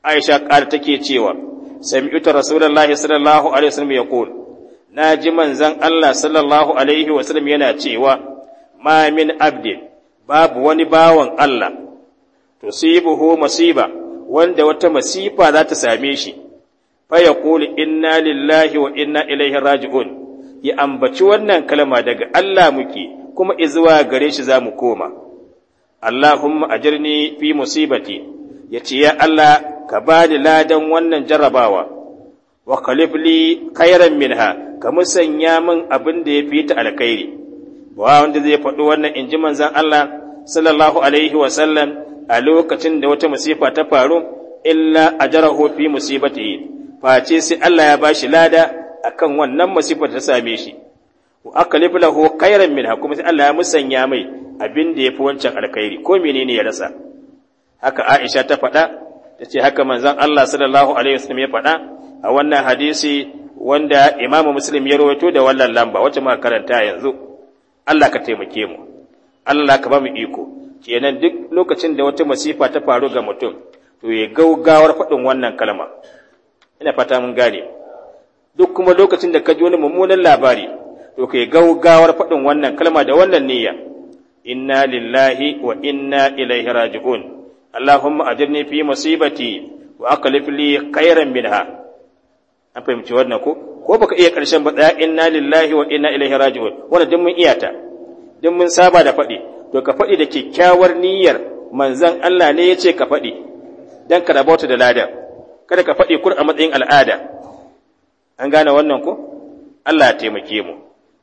Aisha ƙara take cewa sami'tu Rasulullahi sallallahu alaihi wasallam yaqul na ji manzan Allah sallallahu alaihi wasallam yana cewa ma min abdin babu wani bawan Allah to buhu masiba wanda wata masifa za ta same shi Faya kuli inna lillahi wa inna ilaihi raji'un ya ambaci wannan kalma daga Allah muke kuma izuwa gare shi za mu koma Allahumma ajirni fi musibati ce ya Allah ka bani ladan wannan jarrabawa wa kalifli kairan minha ka musanya min abin da ya fi ta alkhairi ba wanda zai faɗi wannan in ji Allah sallallahu alaihi wa sallam a lokacin da wata musifa ta faru illa ajarahu fi musibatihi face sai Allah ya bashi lada akan wannan musifa ta same shi wa akalif lahu minha kuma sai Allah ya musanya mai abin da yafi wancan alkhairi ko menene ya rasa haka Aisha ta faɗa tace haka manzan Allah sallallahu alaihi wasallam ya faɗa a wannan hadisi wanda imamu muslim ya rawaito da wannan lamba wacce muka karanta yanzu Allah ka taimake mu Allah ka ba mu iko kenan duk lokacin da wata masifa ta faru ga mutum to ya gaugawar faɗin wannan kalma ina fata mun gane duk kuma lokacin da ka ji wani mummunan labari to ka gaugawar faɗin wannan kalma da wannan niyya inna lillahi wa inna ilaihi raji'un allahumma ajirni fi musibati wa aqlif li khairan minha an fahimci wannan ko ko baka iya karshen ba tsaya inna lillahi wa inna ilaihi raji'un wannan duk mun iya ta duk mun saba da faɗi to ka faɗi da kyakkyawar niyyar manzon Allah ne yace ka faɗi dan ka rabauta da lada kada ka faɗi kur a matsayin al'ada an gane wannan ko Allah ya taimake mu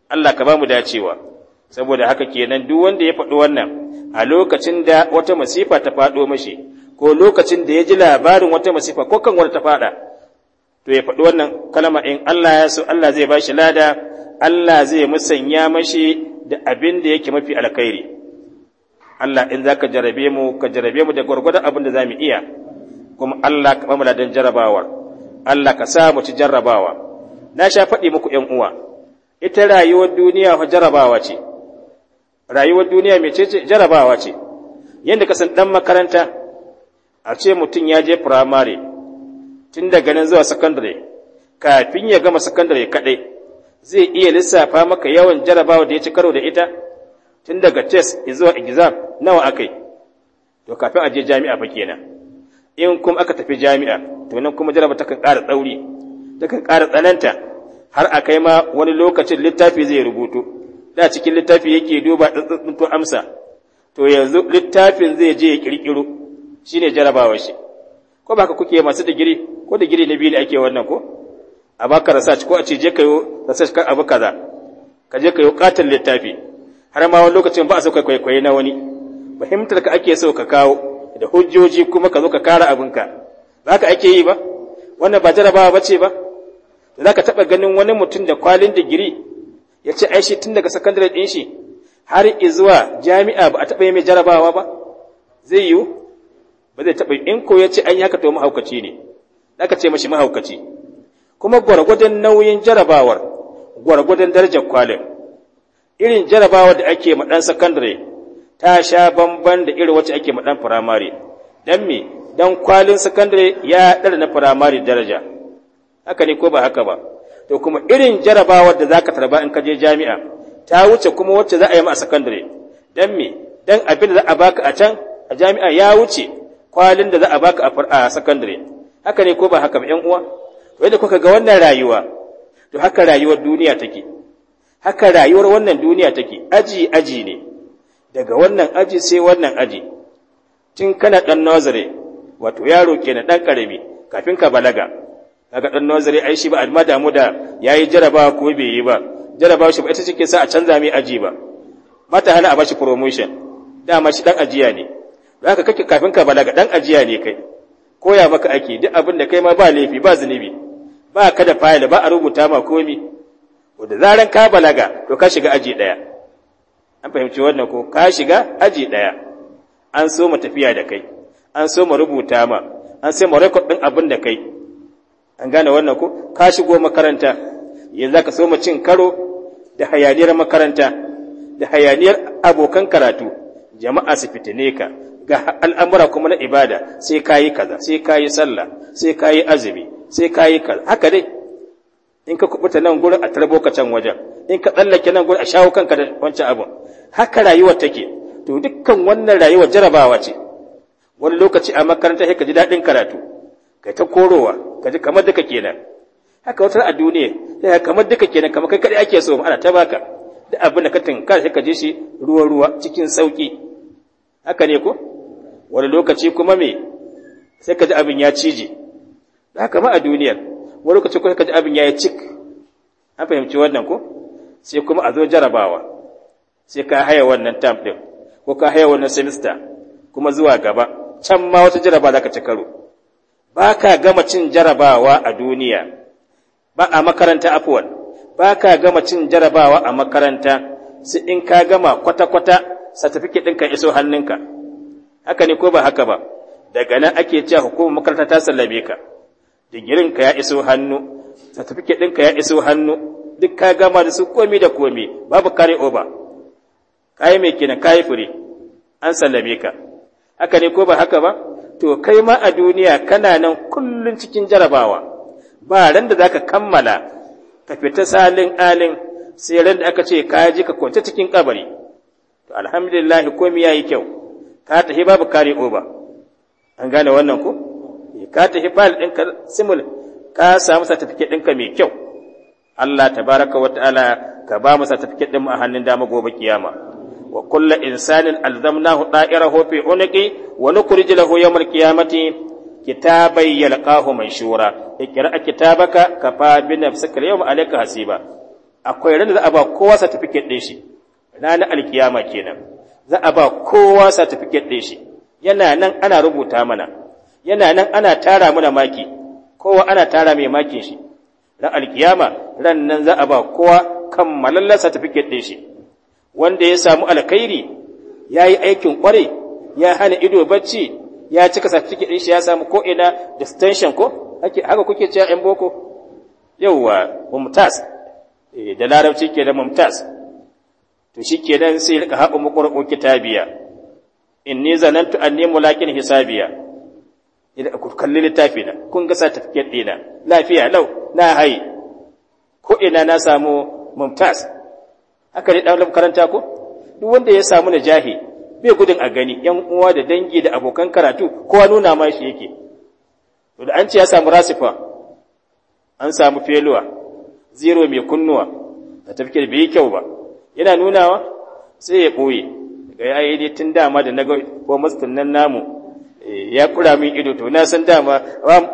Allah ka ba mu dacewa saboda haka kenan duk wanda ya faɗi wannan a lokacin da wata masifa ta fado mashi ko lokacin da ya ji labarin wata masifa ko kan wani ta faɗa to ya faɗi wannan kalma in Allah ya so Allah zai bashi lada Allah zai musanya mashi da abin da yake mafi alkhairi Allah in zaka jarabe mu ka jarabe mu da gwargwadon abin da zamu iya kuma Allah ka ba mu ladan jarabawar Allah ka sa mu ci jarabawa na sha faɗi muku ƴan uwa ita rayuwar duniya fa jarabawa ce rayuwar duniya ce jarabawa ce yadda ka san dan makaranta a ce mutum ya je firamare tun daga nan zuwa sakandare kafin ya gama sakandare kaɗai zai iya lissafa maka yawan jarabawa da ya ci karo da ita tun daga test zuwa exam nawa akai to kafin a je jami'a fa kenan in kuma aka tafi jami'a to nan kuma jaraba takan ƙara tsauri takan ƙara tsananta har a kai ma wani lokacin littafi zai rubutu da cikin littafi yake duba tsantsantsun amsa to yanzu littafin zai je ya kirkiro shine jarabawa shi ko ba ka kuke masu digiri ko digiri na biyu ne ake wannan ko a baka research ko a ce je ka yi research kan abu kaza ka je ka yi katin littafi har ma wani lokacin ba a so ka na wani fahimtar ka ake so ka kawo da hujjoji kuma ka zo ka kara abinka ba ka ake yi ba wannan ba jarabawa ba ce ba za ka taɓa ganin wani mutum da kwalin digiri ya ce ai shi tun daga sakandare ɗin shi har izuwa jami'a ba a taɓa yi mai jarabawa ba zai yiwu ba zai taɓa in ko ya ce an yi haka to mahaukaci ne aka ce mashi mahaukaci kuma gwargwadon nauyin jarabawar gwargwadon darajar kwalin irin jarabawar da ake ma ɗan sakandare ta sha bamban da irin wacce ake ma ɗan firamare dan me dan kwalin sakandare ya ɗara na firamare daraja haka ne ko ba haka ba to kuma irin jarabawar da zaka tarba in ka je jami'a ta wuce kuma wacce za a yi ma a sakandare dan me dan abin da za a baka a can a jami'a ya wuce kwalin da za a baka a fara sakandare haka ne ko ba haka yan uwa to yadda kuka ga wannan rayuwa to haka rayuwar duniya take haka rayuwar wannan duniya take aji aji ne daga wannan aji sai wannan aji tun kana dan nazare wato yaro ke na dan karami kafin ka balaga kaga dan nazare ai shi ba alma mu da yayi jarabawa ko bai yi ba jaraba shi ba ita ke sa a canza mai aji ba mata hana a bashi promotion dama shi dan ajiya ne haka kake kafin ka balaga dan ajiya ne kai koya maka ake duk abin da kai ma ba laifi ba zunubi ba ka da fayil ba a rubuta ma komi da zaran ka balaga to ka shiga aji daya an fahimci wannan ko ka shiga aji daya an so mu tafiya da kai an so mu rubuta ma an sai mu record din abin da kai an gane wannan ko ka shigo makaranta yanzu ka so mu cin karo da hayaniyar makaranta da hayaniyar abokan karatu jama'a su fitine ka ga al'amura kuma na ibada sai ka yi kaza sai ka yi sallah sai ka yi azumi sai ka yi kaza haka dai in ka kubuta nan gurin a tarbo ka can wajen in ka tsallake nan gurin a shawo kanka da wancan abin haka rayuwar take to dukkan wannan rayuwar jarabawa ce wani lokaci a makaranta sai ka ji daɗin karatu kai ta korowa ka ji kamar duka kenan haka wata a duniya sai kamar duka kenan kamar kai kaɗai ake so ana ta baka da abin da ka tunkar sai ka ji shi ruwa ruwa cikin sauki haka ne ko wani lokaci kuma me sai ka ji abin ya cije haka ma a duniyar wani lokaci kuma ka ji abin ya yi cik an fahimci wannan ko sai kuma a zo jarabawa sai ka haya wannan tam ɗin ko ka haya wannan semester kuma zuwa gaba can ma wata jaraba za ka ci karo ba ka gama cin jarabawa a duniya ba a makaranta afuwan ba ka gama cin jarabawa a makaranta sai in ka gama kwata-kwata certificate ɗinka iso hannunka haka ne ko ba haka ba daga nan ake cewa hukumar makaranta ta sallame ka digirin ka ya iso hannu certificate ɗinka ya iso hannu duk ka gama da su komi da komi babu kare oba kayi mai kenan kai fure an sallame ka haka ne ko ba haka ba to kai ma a duniya kana nan kullun cikin jarabawa ba ran da zaka kammala ka fita salin alin sai ran da aka ce ka ji ka kwance cikin kabari alhamdulillahi komi ya yayi kyau ka ta hiba babu kare ba an gane wannan ko eh, ka ta hiba din ɗinka simul ka samu certificate ɗinka mai kyau Allah tabaraka wa ta'ala ka ba mu certificate ɗin mu a hannun dama gobe kiyama wa kullu insanin alzamnahu da'irahu fi unqi wa nukhrij lahu yawm qiyamati kitabai yalqahu manshura ikra kitabaka kafa bi nafsika yawma alayka hasiba akwai ran da za a ba kowa certificate din shi ranar alkiyama kenan za a ba kowa certificate ɗin shi yana nan ana rubuta mana yana nan ana tara mana maki kowa ana tara mai makin shi ran alkiyama ran nan za a ba kowa kammalallar certificate ɗin shi wanda ya samu alkhairi ya yi aikin kwarai ya hana ido bacci ya cika certificate ɗin shi ya samu ko ina distinction ko haka kuke cewa yan boko yauwa mumtaz eh, da larabci ke da mumtaz to shikenan sai ka haɓa muqra'u kitabiya inni zanantu nemo mulaqin hisabiya idan ku kalli littafi na kun ga tafiyar ɗina lafiya lau na hai ko ina na samu mumtaz haka ne ɗan karanta ko duk wanda ya samu najahi bai gudun a gani yan uwa da dangi da abokan karatu kowa nuna ma shi yake to da an ce ya samu rasifa an samu feluwa zero mai kunnuwa da tafkir bai yi kyau ba yana nunawa sai ya ɓoye ga ya yi tun dama da na ko mastun nan namu eh, ya kura min ido to na san dama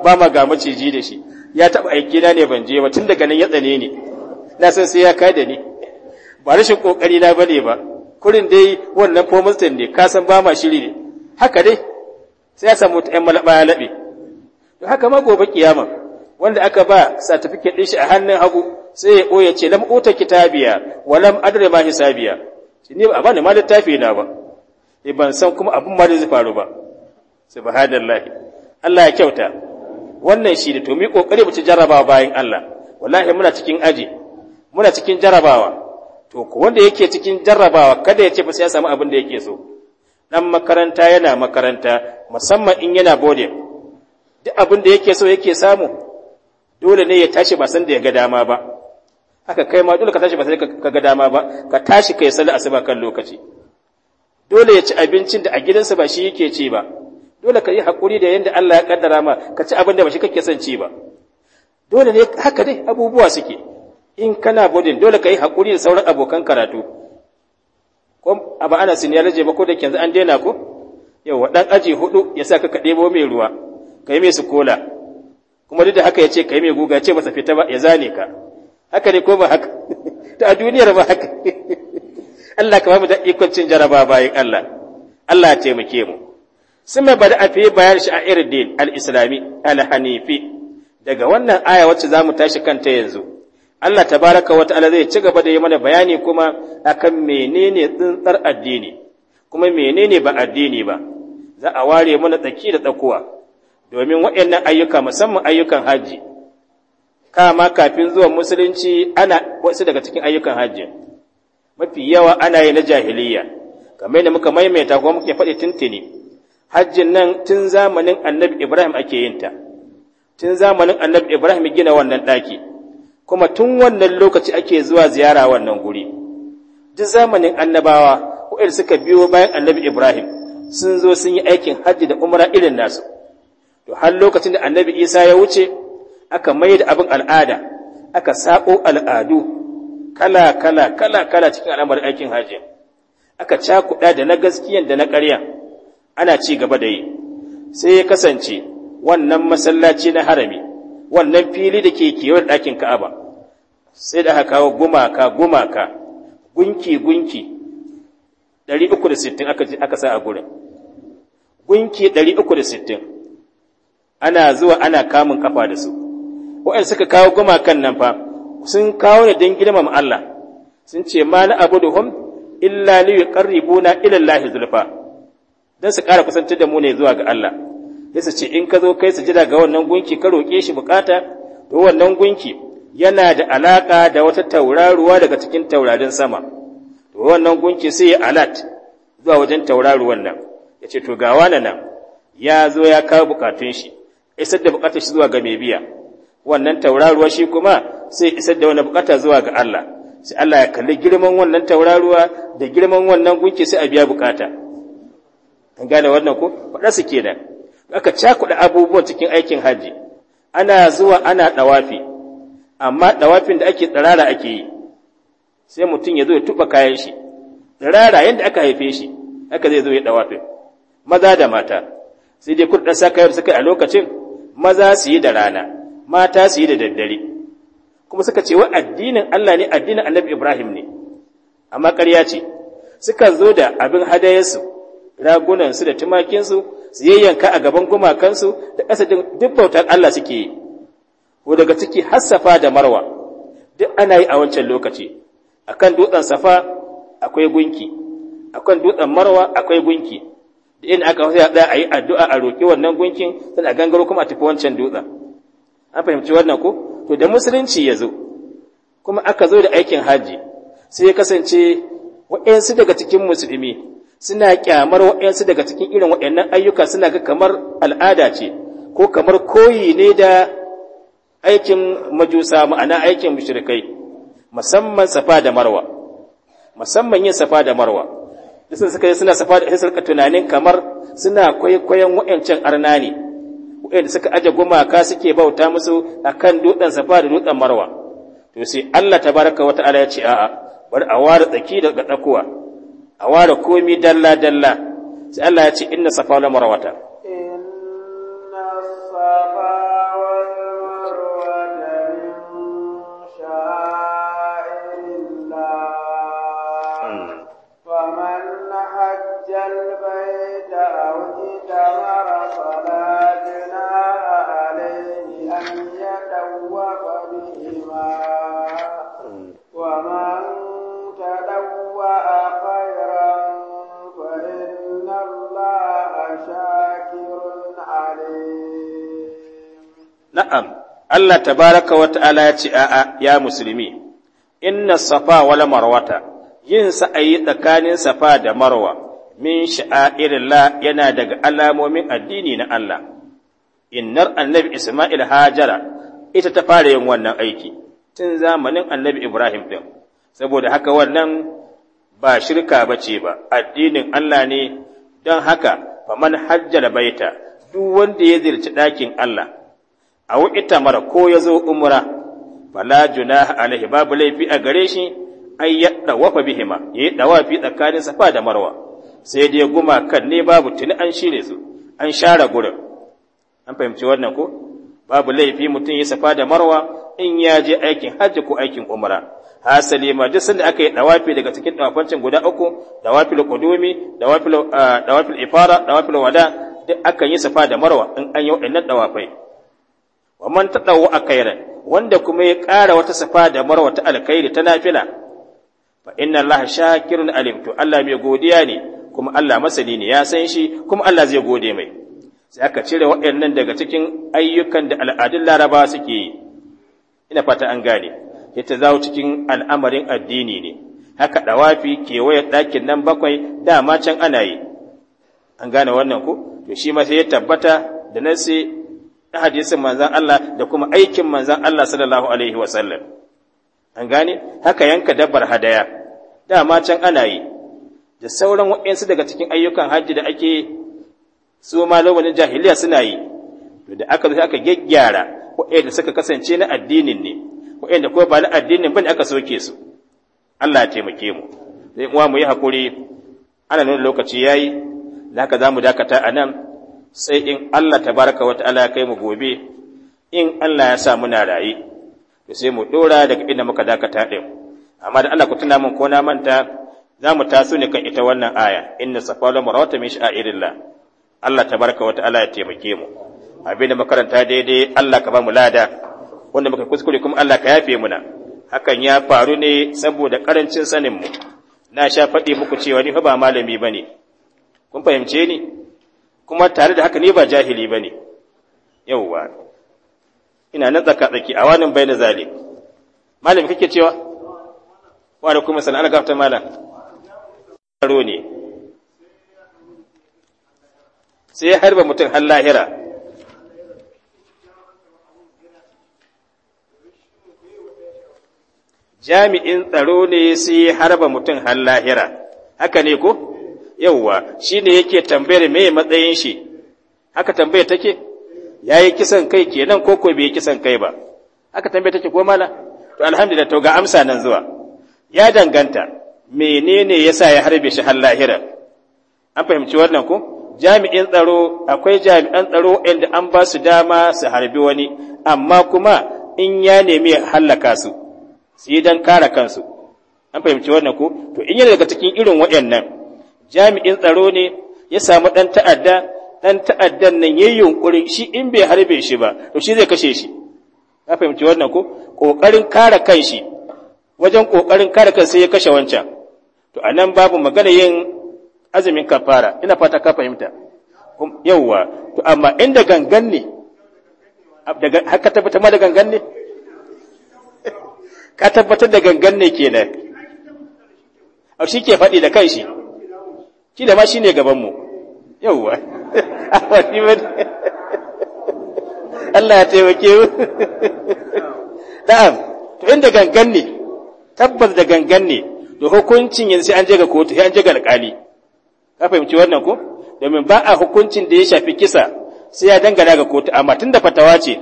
ba ma ga maciji da shi ya taɓa aiki na ne ban je ba tun daga nan ya tsane ni na san sai ya kada ni ba rashin kokari na bane ba kurin dai wannan ko ne ka san ba ma shiri ne haka dai sai ya samu ta ƴan malaɓa ya laɓe to haka ma gobe kiyama wanda aka ba certificate din shi a hannun hagu sai ya koya ce lam uta kitabiya wa lam adri ma hisabiya ni ba bani ma littafi na ba Sai eh, ban san kuma abin ma zai faru ba subhanallahi Allah ya kyauta wannan shi da to mi kokari mu ci jarabawa bayan Allah wallahi muna cikin aji muna cikin jarabawa to ko wanda yake cikin jarrabawa kada ya ce ba sai ya samu abin da yake so dan makaranta yana makaranta musamman in yana boarding duk abin da yake so yake samu dole ne ya tashi ba san da ya ga dama ba haka kai ma dole ka tashi ba san ka ga dama ba ka tashi kai sallar asuba kan lokaci dole ya ci abincin da a gidansa ba shi yake ci ba dole ka yi hakuri da yanda Allah ya kaddara ma ka ci abinda da ba shi kake son ci ba dole ne haka dai abubuwa suke in kana bodin dole ka yi hakuri da sauran abokan karatu ko aba ana sin ya laje ba ko da yanzu an daina ko yawa dan aji hudu ya sa ka ka ɗebo mai ruwa ka mai su kola kuma duk da haka ya ce kai mai guga ce masa fita ba ya zane ka haka ne ko ba haka ta a duniyar ba haka Allah ka ba mu da ikon cin jaraba bayan Allah Allah ya taimake mu sun mai bada afi bayan shi a irin din al-islami al-hanifi daga wannan aya wacce za mu tashi kanta yanzu Allah tabaraka wa ta'ala zai ci gaba da yi mana bayani kuma akan menene tsintsar addini kuma menene ba addini ba za a ware mana tsaki da tsakuwa domin waɗannan ayyuka musamman ayyukan hajji kama kafin zuwa musulunci ana wasu daga cikin ayyukan hajji mafi yawa ana yi na jahiliya kamar yadda muka maimaita kuma muke faɗi tuntuni hajjin nan tun zamanin annabi ibrahim ake yin ta tun zamanin annabi ibrahim gina wannan ɗaki kuma tun wannan lokaci ake zuwa ziyara wannan guri duk zamanin annabawa waɗanda suka biyo bayan annabi ibrahim sun zo sun yi aikin hajji da umra irin nasu to har lokacin da annabi isa ya wuce aka mai da abin al'ada aka sako al'adu kala kala kala kala cikin al'amarin aikin hajji aka cakuɗa da na gaskiyan da na ƙarya ana ci gaba da yi sai ya kasance wannan masallaci na harami wannan fili da ke kewar ɗakin ka'aba sai da aka kawo gumaka gumaka gunki gunki 360 aka sa a gurin gunki sittin. ana zuwa ana kamun kafa da su wa'anda suka kawo gumakan nan fa sun kawo ne don girmama Allah sun ce ma na hum illa li yuqarribuna ila Allah zulfa dan su ƙara kusantar da mu ne zuwa ga Allah sai su ce in ka zo kai sujada ga wannan gunki ka roke shi bukata to wannan gunki yana da alaka da wata tauraruwa daga cikin taurarin sama to wannan gunki sai ya alat zuwa wajen tauraruwan nan yace to ga wani nan ya zo ya kawo bukatun shi isar da bukatar shi zuwa ga mai biya wannan tauraruwa shi kuma sai isar da wani bukata zuwa ga Allah sai Allah ya kalli girman wannan tauraruwa da girman wannan gunki sai a biya bukata an gane wannan ko faɗa su kenan aka cakuɗa abubuwan cikin aikin haji ana zuwa ana ɗawafi amma ɗawafin da ake tsirara ake yi sai mutum ya zo ya tuba kayan shi tsirara yadda aka haife shi aka zai zo ya ɗawafin maza da mata sai dai kuɗin sakayar suka a lokacin maza su yi da rana mata su yi da daddare kuma suka ce wa addinin Allah ne addinin annabi Ibrahim ne amma ƙarya ce suka zo da abin hadayarsu ragunansu da tumakinsu su yayyanka a gaban gumakansu da ƙasa duk bautar Allah suke yi ko daga ciki hassafa da marwa duk ana yi a wancan lokaci akan dutsen safa akwai gunki akan dutsen marwa akwai gunki da aka sai da a addu'a a roki wannan gunkin sai a gangaro kuma a tafi wancan dutsen an fahimci wannan ko to da musulunci ya zo kuma aka zo da aikin haji sai ya kasance waɗansu daga cikin musulmi suna kyamar waɗansu daga cikin irin waɗannan ayyuka suna ga kamar al'ada ce ko kamar koyi ne da aikin majusa ma'ana aikin mushrikai musamman safa da marwa musamman yin safa da marwa sun suka yi suna safa da suka tunanin kamar suna kwaikwayon wa'ancan arna ne wa'anda suka aje gumaka suke bauta musu akan dutsen safa da dutsen marwa to sai Allah tabaraka wa ta'ala ya ce a'a bar a ware tsaki daga tsakuwa a ware komi dalla dalla sai Allah ya ce inna safa la marwata na'am, baraka عليم نعم الله تبارك وتعالى يا musulmi inna safa wala marwata yin sa'ayi tsakanin safa da marwa min sha'airillah yana daga alamomin addini na Allah innar annabi Isma'il Hajara ita ta fara yin wannan aiki tun zamanin annabi Ibrahim din saboda haka wannan ba shirka bace ba addinin Allah ne don haka faman hajjal baita duk wanda ya zirci ɗakin Allah a wuƙita mara ko ya zo umra fala juna alaihi babu laifi a gare shi ai ya dawafa bihima ya yi ɗawafi tsakanin safa da marwa sai dai guma kan ne babu tuni an shirye su an share gurin an fahimci wannan ko babu laifi mutum ya safa da marwa in ya je aikin hajji ko aikin umra hasali ma duk sanda aka yi dawafi daga cikin dawafancin guda uku dawafil qudumi dawafil ah, dawafil ifara dawafil wada duk aka yi safa da marwa in an yi waɗannan dawafai wa man tadawu akairan wanda kuma ya ƙara wata safa da marwa ta alkhairi ta nafila fa inna allaha shakirun alim to Allah mai godiya ne kuma Allah masani ne ya san shi kuma Allah zai gode mai sai aka cire waɗannan daga cikin ayyukan da al'adun laraba suke yi ina fata an gane ya ta zawo cikin al'amarin addini ne haka ɗawafi kewaye ɗakin nan bakwai dama can ana yi an gane wannan ku to shi ma sai ya tabbata da nan sai ta hadisin manzan Allah da kuma aikin manzan Allah sallallahu alaihi wasallam an gane haka yanka dabbar hadaya dama can ana yi da sauran waɗansu daga cikin ayyukan hajji da ake su ma lokacin jahiliya suna yi to da aka zo aka gyaggyara waɗanda suka kasance na addinin ne waɗanda ko ba na addinin ba ne aka soke su Allah ya taimake mu sai uwa mu yi hakuri ana nuna lokaci yayi da haka zamu dakata a nan sai in Allah tabaraka wa ta'ala ya kai mu gobe in Allah ya sa muna rayi to sai mu ɗora daga inda muka dakata din amma da Allah ku tuna mun ko na manta za mu taso ne kan ita wannan aya inna safalu wal min sha'irillah Allah tabaraka wa ta'ala ya taimake mu abinda makaranta daidai Allah ka ba mu lada wanda muka kuskure kuma Allah ka yafe muna hakan ya faru ne saboda karancin sanin mu na sha faɗi muku cewa ni fa ba malami bane kun fahimce ni kuma tare da haka ni ba jahili bane yawwa ina nan tsaka tsaki a wani bai na zalim malami kake cewa wa alaikum assalam Allah malam. malam ne sai harba mutum har lahira jami'in tsaro ne sai harba mutum har lahira haka ne ko yauwa shi ne yake tambayar me matsayin shi haka tambayar take ya yi kisan kai kenan ko ko bai yi kisan kai ba haka tambayar take ko mala to alhamdulillah to ga amsa nan zuwa ya danganta menene sa ya harbe shi har lahira an fahimci wannan ko jami'in tsaro akwai jami'an tsaro inda an ba su dama su harbi wani amma kuma in ya nemi hallaka su su yi don kare kansu an fahimci wannan ko to in yana daga cikin irin waɗannan jami'in tsaro ne ya samu ɗan ta'adda ɗan ta'addan nan ya yi yunƙurin shi in bai harbe shi ba to shi zai kashe shi an fahimci wannan ko ƙoƙarin kare kan shi wajen ƙoƙarin kare kan sai ya kashe wancan to a nan babu magana yin azumin kafara ina fata ka fahimta yauwa to amma inda gangan ne haka tabbata ma da gangan ne ka tabbatar da gangan ne kenan a shi ke faɗi da kanshi shi da ma shi ne gabanmu yauwa Allah ya taimake mu na'am to inda gangan ne tabbas da gangan ne da hukuncin yanzu sai an je ga kotu sai an je ga alƙali ka fahimci wannan ko domin ba a hukuncin da ya shafi kisa sai ya dangana ga kotu amma tun da fatawa ce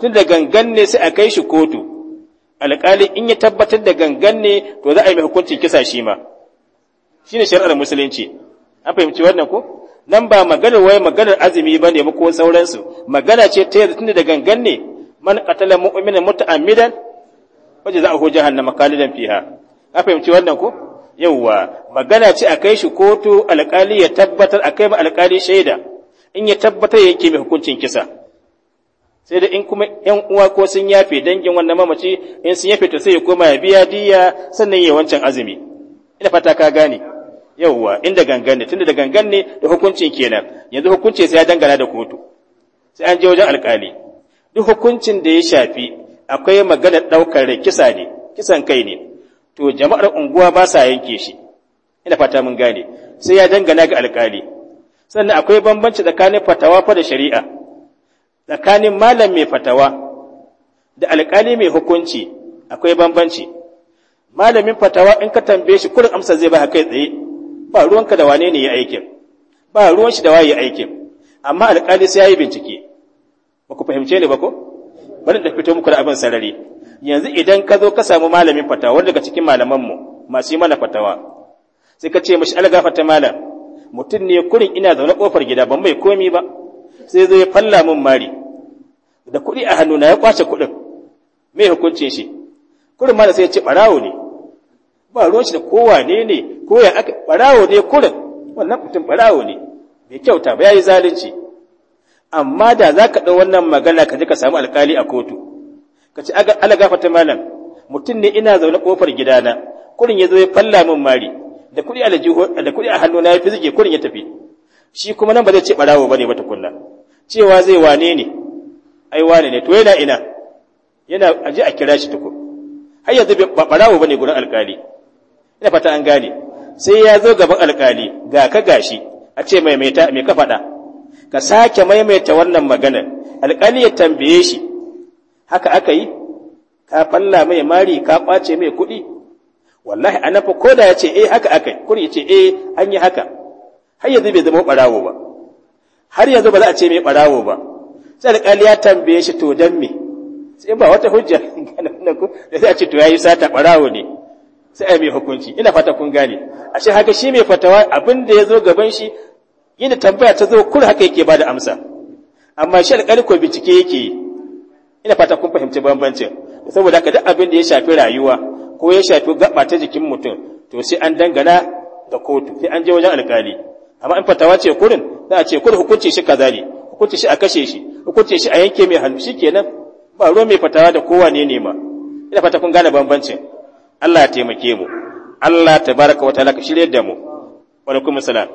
tun da gangan ne sai a kai shi kotu alƙali in ya tabbatar da gangan ne to za a yi mai hukuncin kisa shi ma shi ne shari'ar musulunci an fahimci wannan ko nan ba maganar wai maganar azumi ba ne ko sauransu magana ce ta yadda tunda da gangan ne man qatala mu'mina muta'ammidan waje za a hu jahannama kalidan fiha an fahimci wannan ko yawwa magana ce a kai shi kotu alƙali ya tabbatar a kai ma alƙali shaida in ya tabbatar yake mai hukuncin kisa sai da in kuma ‘yan uwa ko sun yafe dangin wannan mamaci in sun yafe ta sai ya koma ya biya diya sannan ya wancan azumi ina fata ka gane yauwa inda gangan ne tunda da gangan ne da hukuncin kenan yanzu hukuncin sai ya dangana da kotu sai an je wajen alkali duk hukuncin da ya shafi akwai magana ɗaukar kisa ne kisan kai ne to jama'ar unguwa ba sa yanke shi ina fata mun gane sai ya dangana ga alkali sannan akwai bambanci tsakanin fatawa fa da shari'a tsakanin malam mai fatawa da alƙali mai hukunci akwai bambanci malamin fatawa in ka tambaye shi kullum amsa zai baka kai tsaye ba ruwanka da wane ne ya aikin ba ruwan shi da waye ya aikin amma alƙali sai yayi bincike ba ku fahimce ni ba ko bari da fito muku da abin sarari yanzu idan ka zo ka samu malamin fatawa daga cikin malaman mu masu yi mana fatawa sai ka ce mashi algafa ta malam mutum ne kurin ina zaune kofar gida ban mai komi ba sai zai falla mun mari da kuɗi a hannuna ya kwace kuɗin me hukuncin shi kurin ma sai ya ce ɓarawo ne ba ruwan shi da kowa ne ne ko ya aka ɓarawo ne kurin wannan mutum ɓarawo ne me kyauta ba ya yi zalunci amma da za ka ɗau wannan magana ka ji ka samu alkali a kotu ka ci ala gafata malam mutum ne ina zaune kofar gidana kurin ya zo ya falla min mari da kuɗi a da a hannuna ya fi zige kurin ya tafi shi kuma nan ba zai ce barawo bane ba tukunna cewa zai wane ne ai wane ne to yana ina yana aje a kira shi tukun har yanzu ba barawo bane gurin alkali ina fata an gane sai ya zo gaban alkali ga ka gashi a ce maimaita me ka faɗa ka sake maimaita wannan maganar alkali ya tambaye shi haka aka yi ka falla mai mari ka kwace mai kuɗi wallahi anafa ko da ya ce eh haka aka yi kuri ya ce eh an yi haka har yanzu bai zama barawo ba har yanzu ba za a ce mai barawo ba sai alƙali ya tambaye shi to dan me sai ba wata hujja da za a ce to yayi sata barawo ne sai ai mai hukunci ina fata kun gane a shi haka shi mai fatawa abin da ya zo gaban shi yadda tambaya ta zo kur haka yake bada amsa amma shi alƙali ko bincike yake ina fata kun fahimci bambancin saboda haka duk abin da ya shafi rayuwa ko ya shafi gaba ta jikin mutum to sai an dangana da kotu sai an je wajen alƙali amma in fatawa ce kurin za a ce kurin hukunci shi kaza ne hukunci shi a kashe shi hukunci shi a yanke mai hannu shikenan ba ruwa mai fatawa da kowa ne ne ma ina fata kun gane bambancin Allah ya taimake mu Allah tabaraka wataala ka shirye da mu wa alaikum salam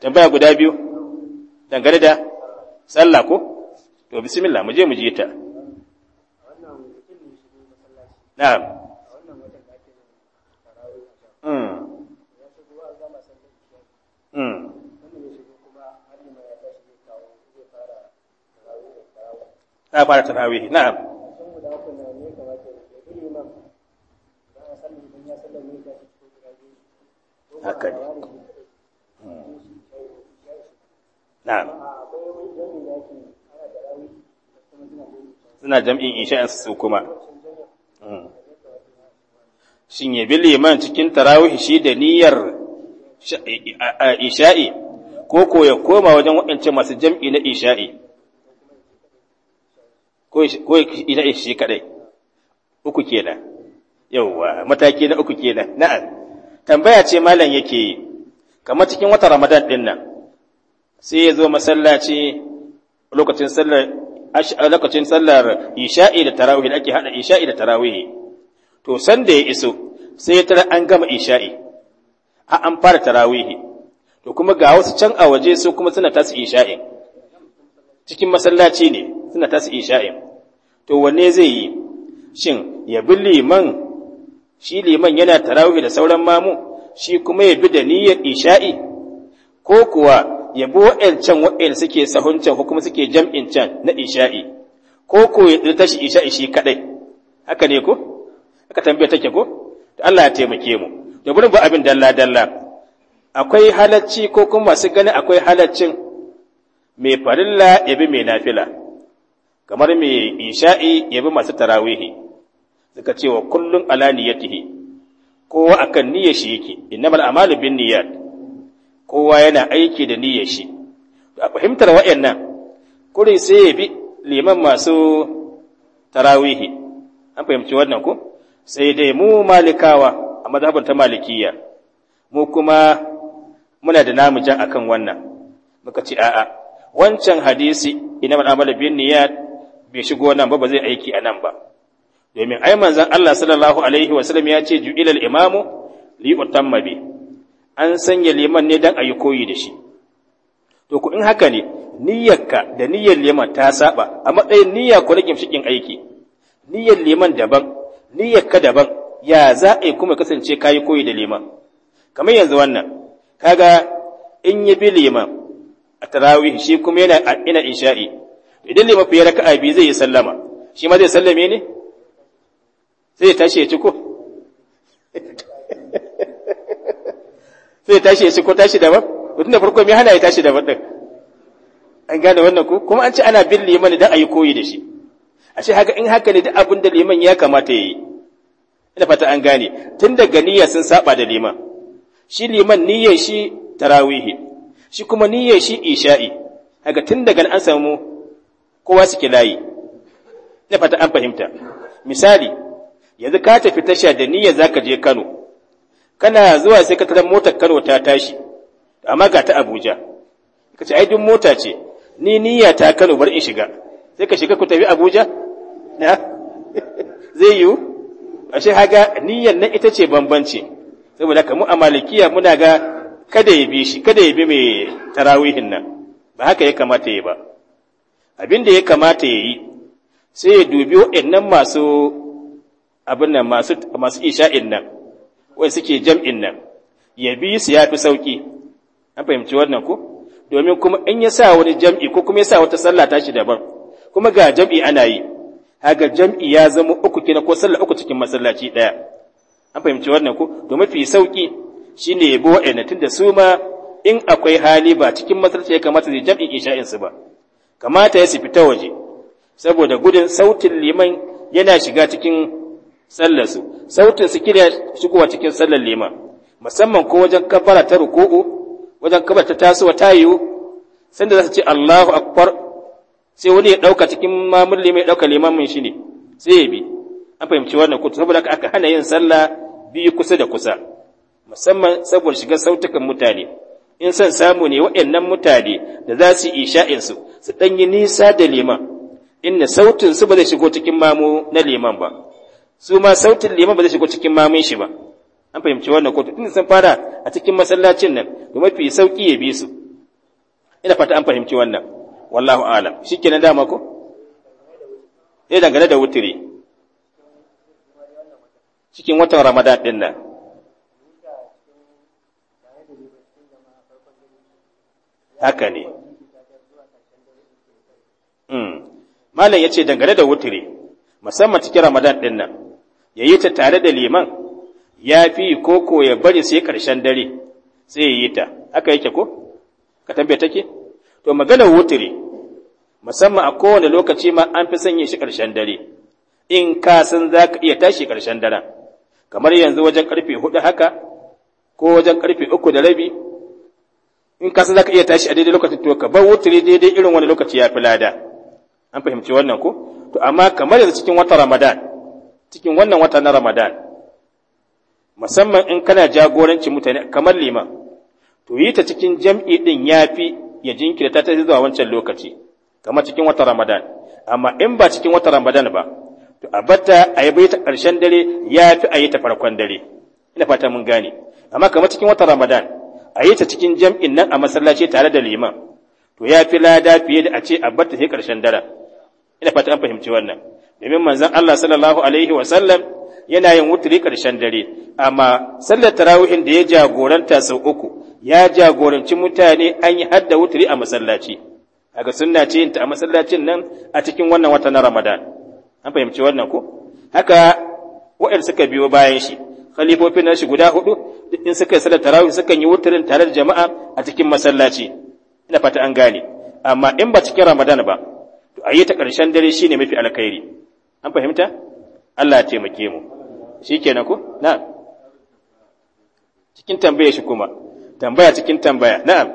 tambaya guda biyu dangane da sallah ko to bismillah mu je mu je ta na'am ta mm. fara tarawih haka ne mm. suna jam'in insha'in su kuma mm. shin yabi liman cikin tarawih shi da niyyar isha'i ko ko ya koma wajen waɗancan masu jam'i na isha'i ko isha'i shi kaɗai uku kenan yauwa mataki na uku kenan na'an tambaya ce malam yake yi kamar cikin wata ramadan ɗin nan sai ya zo masallaci lokacin sallar lokacin sallar isha'i da tarawih da ake hada isha'i da tarawih to san da ya iso sai ya tara an gama isha'i har an fara tarawihi to kuma ga wasu can a waje su kuma suna tasu isha'in cikin masallaci ne suna tasu isha'in to wanne zai yi shin ya bi liman shi liman yana tarawihi da sauran mamu shi kuma ya bi da niyyar isha'i ko kuwa ya bi wa'ancan wa'ancan suke sahuncan ko kuma suke jam'in can na isha'i ko ko ya shi isha'i shi kadai haka ne ko haka tambaya take ko Allah ya taimake mu da burin ba abin dalla-dalla akwai halacci ko kuma masu gani akwai halaccin mai farilla ya bi mai nafila kamar mai isha'i ya bi masu tarawihi suka ce wa kullum ala niyyatihi kowa akan niyyar shi yake innamal a'malu bin niyyat kowa yana aiki da niyyar shi a fahimtar wayannan kuri sai ya bi liman masu tarawihi an fahimci wannan ko sai dai mu malikawa a mazhabar ta malikiya mu kuma muna da namu jan akan wannan muka ce a'a wancan hadisi ina amala bin niyyat bai shigo nan ba ba zai aiki a nan ba domin ai manzon Allah sallallahu alaihi wa sallam ya ce ju'ila al-imamu li utamma bi an sanya liman ne dan ayi koyi da shi to ku in haka ne niyyarka da niyyar liman ta saba a matsayin niyya ko ginshikin shikin aiki niyyar liman daban ka daban ya za a yi kuma kasance ka yi koyi da liman kamar yanzu wannan kaga in yi bi liman a tarawih shi kuma yana ina isha'i idan liman fiye a biyu zai yi sallama shi ma zai sallame ne sai tashi ya ci ko sai tashi ya ci ko tashi daban mutum da farko mai hana ya tashi daban din an gane wannan ko kuma an ce ana bin liman da a yi koyi da shi a ce haka in haka ne duk abin da liman ya kamata ya yi ina fata an gane tun daga niyya sun saba da liman shi liman niyyar shi tarawihi shi kuma niyyar shi isha'i haka tun daga an samu kowa su ki layi ina fata an fahimta misali yanzu ka tafi tasha da niyyar zaka je Kano kana zuwa sai ka tarar motar Kano ta tashi amma ga ta Abuja ka ce ai duk mota ce ni niyya ta Kano bar in shiga sai ka shiga ku tafi Abuja na zai yiwu ashe haga niyyar nan ita ce bambanci saboda kamu a malikiya muna ga kada ya bi shi kada ya bi mai tarawihin nan ba haka ya kamata ya ba abin da ya kamata ya yi sai ya dubi waɗannan masu abin nan masu masu isha'in nan wai suke jam'in nan ya bi su ya fi sauki an fahimci wannan ko domin kuma in ya sa wani jam'i ko kuma ya sa wata sallah tashi daban kuma ga jam'i ana yi haga jam'i ya zama uku kina ko sallah uku cikin masallaci ɗaya an fahimci wannan ko to mafi sauki shine yabo wa'ina tunda su ma in akwai hali ba cikin masallaci ya kamata zai jam'i isha'in su ba kamata ya su fita waje saboda gudun sautin liman yana shiga cikin sallarsu sautin su kira shigowa cikin sallar liman musamman ko wajen kafara ta ruku'u wajen kafara ta tasowa ta yiwu sanda za su ce Allahu akbar sai wani ya ɗauka cikin mamun limai ɗauka limamin shi ne sai ya bi an fahimci wannan kutu saboda aka hana yin sallah biyu kusa da kusa musamman saboda shiga sautukan mutane in son samu ne wa'annan mutane da za su isha'insu su ɗan yi nisa da liman inda sautin su ba zai shigo cikin mamu na liman ba su ma sautin liman ba zai shigo cikin mamun shi ba an fahimci wannan kotu tun sun fara a cikin masallacin nan to mafi sauki ya bi su ina fata an fahimci wannan wallahu alam shikenan dama ko eh dangane da wutiri cikin watan ramadan din nan haka ne hmm. malam ya ce dangane da wutiri musamman cikin ramadan din nan ya yi ta tare da liman ya fi koko ya bari sai ƙarshen dare sai ya yi ta haka yake ko ka tambaye take to maganar wutiri musamman a kowane lokaci ma an fi sanya shi ƙarshen dare in ka san za ka iya tashi ƙarshen daren kamar yanzu wajen ƙarfe hudu haka ko wajen ƙarfe uku da rabi in ka san za ka iya tashi a daidai lokacin to ka bar wutiri daidai irin wani lokaci ya fi lada an fahimci wannan ko to amma kamar yanzu cikin wata ramadan cikin wannan wata na ramadan musamman in kana jagorancin mutane kamar liman to yi ta cikin jam'i din ya fi ya jinkirta ta zuwa wancan lokaci kamar cikin wata ramadan amma in ba cikin wata ramadan ba to a batta a yi bai ta ƙarshen dare ya fi a yi ta farkon dare ina fata mun gane amma kamar cikin wata ramadan a yi ta cikin jam'in nan a masallaci tare da liman to ya fi lada fiye da a ce a batta sai ƙarshen dare ina fata an fahimci wannan domin manzon Allah sallallahu alaihi wa sallam yana yin wuturi ƙarshen dare amma sallar tarawihin da ya jagoranta sau uku ya jagoranci mutane an yi hadda wuturi a masallaci kaga sunna ce ta a masallacin nan a cikin wannan wata na Ramadan an fahimci wannan ko haka wa'in suka biyo bayan shi khalifofin shi guda hudu in suka yi salat tarawih suka yi wuturin tare da jama'a a cikin masallaci ina fata an gane amma in ba cikin Ramadan ba to ayi ta karshen dare shine mafi alkhairi an fahimta Allah ya taimake mu shikenan ko na cikin tambaye shi kuma tambaya cikin tambaya na'am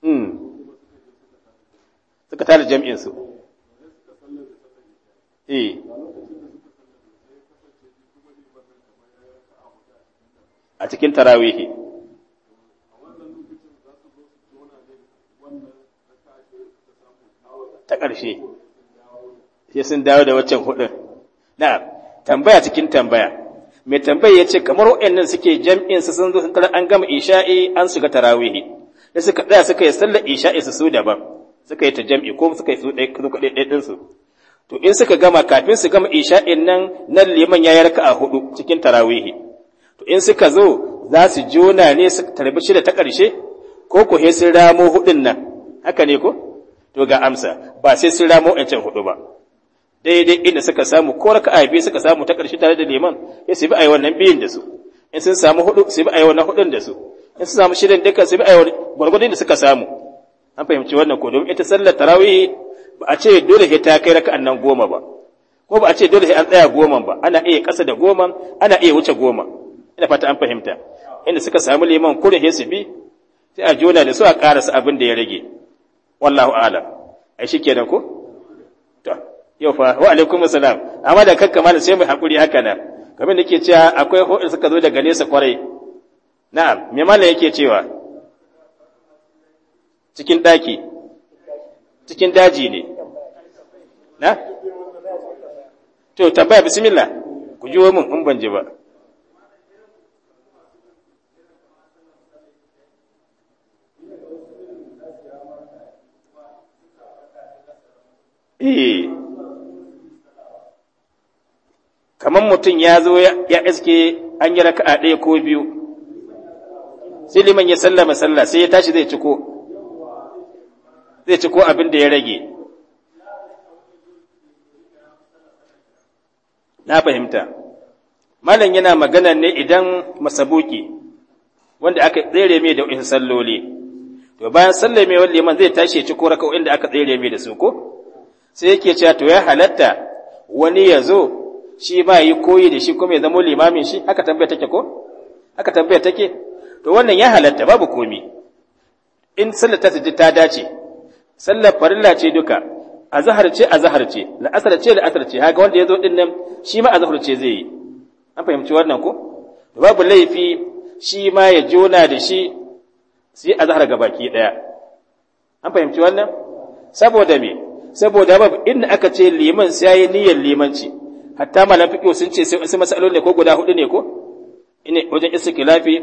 hmm. suka tare jami'in su eh a cikin tarawihi ta ƙarshe sai sun dawo da waccan hudun na'am tambaya cikin tambaya mai tambaya ya ce kamar waɗannan suke jam'in su sun zo sun tara an gama isha'i an shiga tarawihi da suka tsaya suka yi sallar isha'i su su daban suka yi ta jam'i ko suka yi su ɗaya ɗin su to in suka gama kafin su gama isha'in nan nan liman ya yarka a hudu cikin tarawihi to in suka zo za su jona ne su tarbi shida ta ƙarshe ko ku he sun ramo hudun nan haka ne ko to ga amsa ba sai sun ramo ƴancan hudu ba daidai inda suka samu ko a biyu suka samu ta ƙarshe tare da liman ya su bi yi wannan biyun da su in sun samu hudu su bi yi wannan hudun da su in sun samu shirin dukkan su bi yi gwargwadon da suka samu an fahimci wannan ko domin ita sallar tarawih ba a ce dole sai ta kai raka'an nan goma ba ko ba a ce dole sai an tsaya goma ba ana iya ƙasa da goma ana iya wuce goma ina fata an fahimta inda suka samu liman kurin sai su bi sai a jona da su a karasa abin da ya rage wallahu a'lam ai shikenan ko yau fa wa alaikum assalam amma da kakka mallam sai mu hakuri haka nan kamar nake cewa akwai hoɗin suka zo daga nesa kwarai na'am me malam yake cewa cikin daki cikin daji ne na to tabbaya bismillah ku ji min in ban ji ba eh kamar mutum ya zo ya iske an yi raka'a ɗaya ko biyu sai liman ya sallama salla sai ya tashi zai ciko zai ciko abin da ya rage na fahimta malam yana magana ne idan masabuki wanda aka tsere mai da in salloli to bayan wanda liman zai tashi ya ciko raka'o'in da aka tsere mai da su ko sai yake cewa to ya halatta wani ya zo shi ba yi koyi da shi kuma ya zama limamin shi aka tambaya take ko aka tambaya take to wannan ya halatta babu komi in sallar ta sujji ta dace sallar farilla ce duka azhar ce azhar ce la'asar ce la'asar ce haka wanda ya zo din nan shi ma azhar ce zai yi an fahimci wannan ko babu laifi shi ma ya jona da shi sai azhar ga baki daya an fahimci wannan saboda me saboda babu inda aka ce liman sai yayi niyyar limanci hatta malam fiqh sun ce sai wasu masalolin ne ko guda hudu ne ko ine wajen istiklafi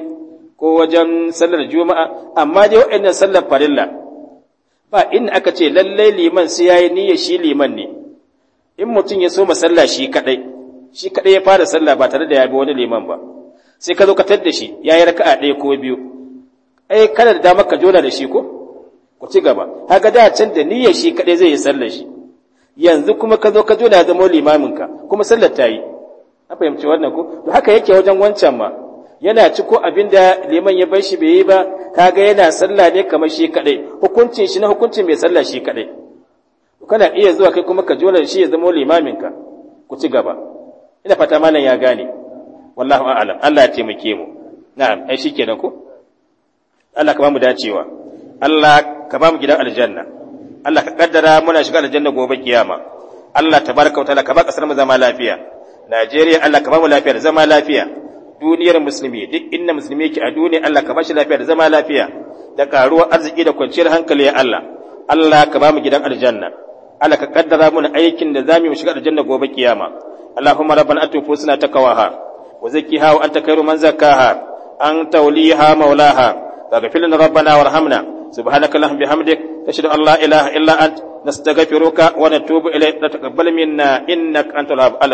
ko wajen sallar juma'a amma dai waɗannan sallar farilla ba in aka ce lallai liman sai yayi niyyar shi liman ne in mutum ya so masalla shi kadai shi kadai ya fara sallah ba tare da ya bi wani liman ba sai ka zo ka tar da shi yayi raka'a ɗaya ko biyu ai kada da maka ka jona da shi ko ku ci gaba haka da can da niyyar shi kadai zai yi sallar shi yanzu kuma ka zo ka zo da zama limaminka kuma sallar ta yi an fahimci wannan ko to haka yake wajen wancan ma yana ci ko abin da liman ya bar shi bai yi ba kaga yana sallah ne kamar shi kadai hukuncin shi na hukuncin mai sallah shi kadai kana iya zuwa kai kuma ka jona shi ya zama limaminka ku ci gaba ina fata malam ya gane wallahu a'lam Allah ya taimake mu na'am ai shikenan ko Allah ka ba mu dacewa Allah ka ba mu gidan aljanna Allah ka kaddara muna shiga aljanna gobe kiyama Allah tabaraka wa ta'ala ka ba kasar mu zama lafiya Najeriya Allah ka ba mu lafiya da zama lafiya duniyar musulmi duk inda musulmi yake a duniya Allah ka ba shi lafiya da zama lafiya da karuwar arziki da kwanciyar hankali ya Allah Allah ka ba mu gidan aljanna Allah ka kaddara muna aikin da zamu mu shiga aljanna gobe kiyama Allahumma rabbana atu fusna takawaha wa zakkiha wa anta khairu man zakkaha anta waliha maulaha فاغفر لنا ربنا warhamna subhanaka allahumma bihamdik ashhadu an la ilaha illa ant nastaghfiruka wa natubu ilayk taqabbal minna innaka antal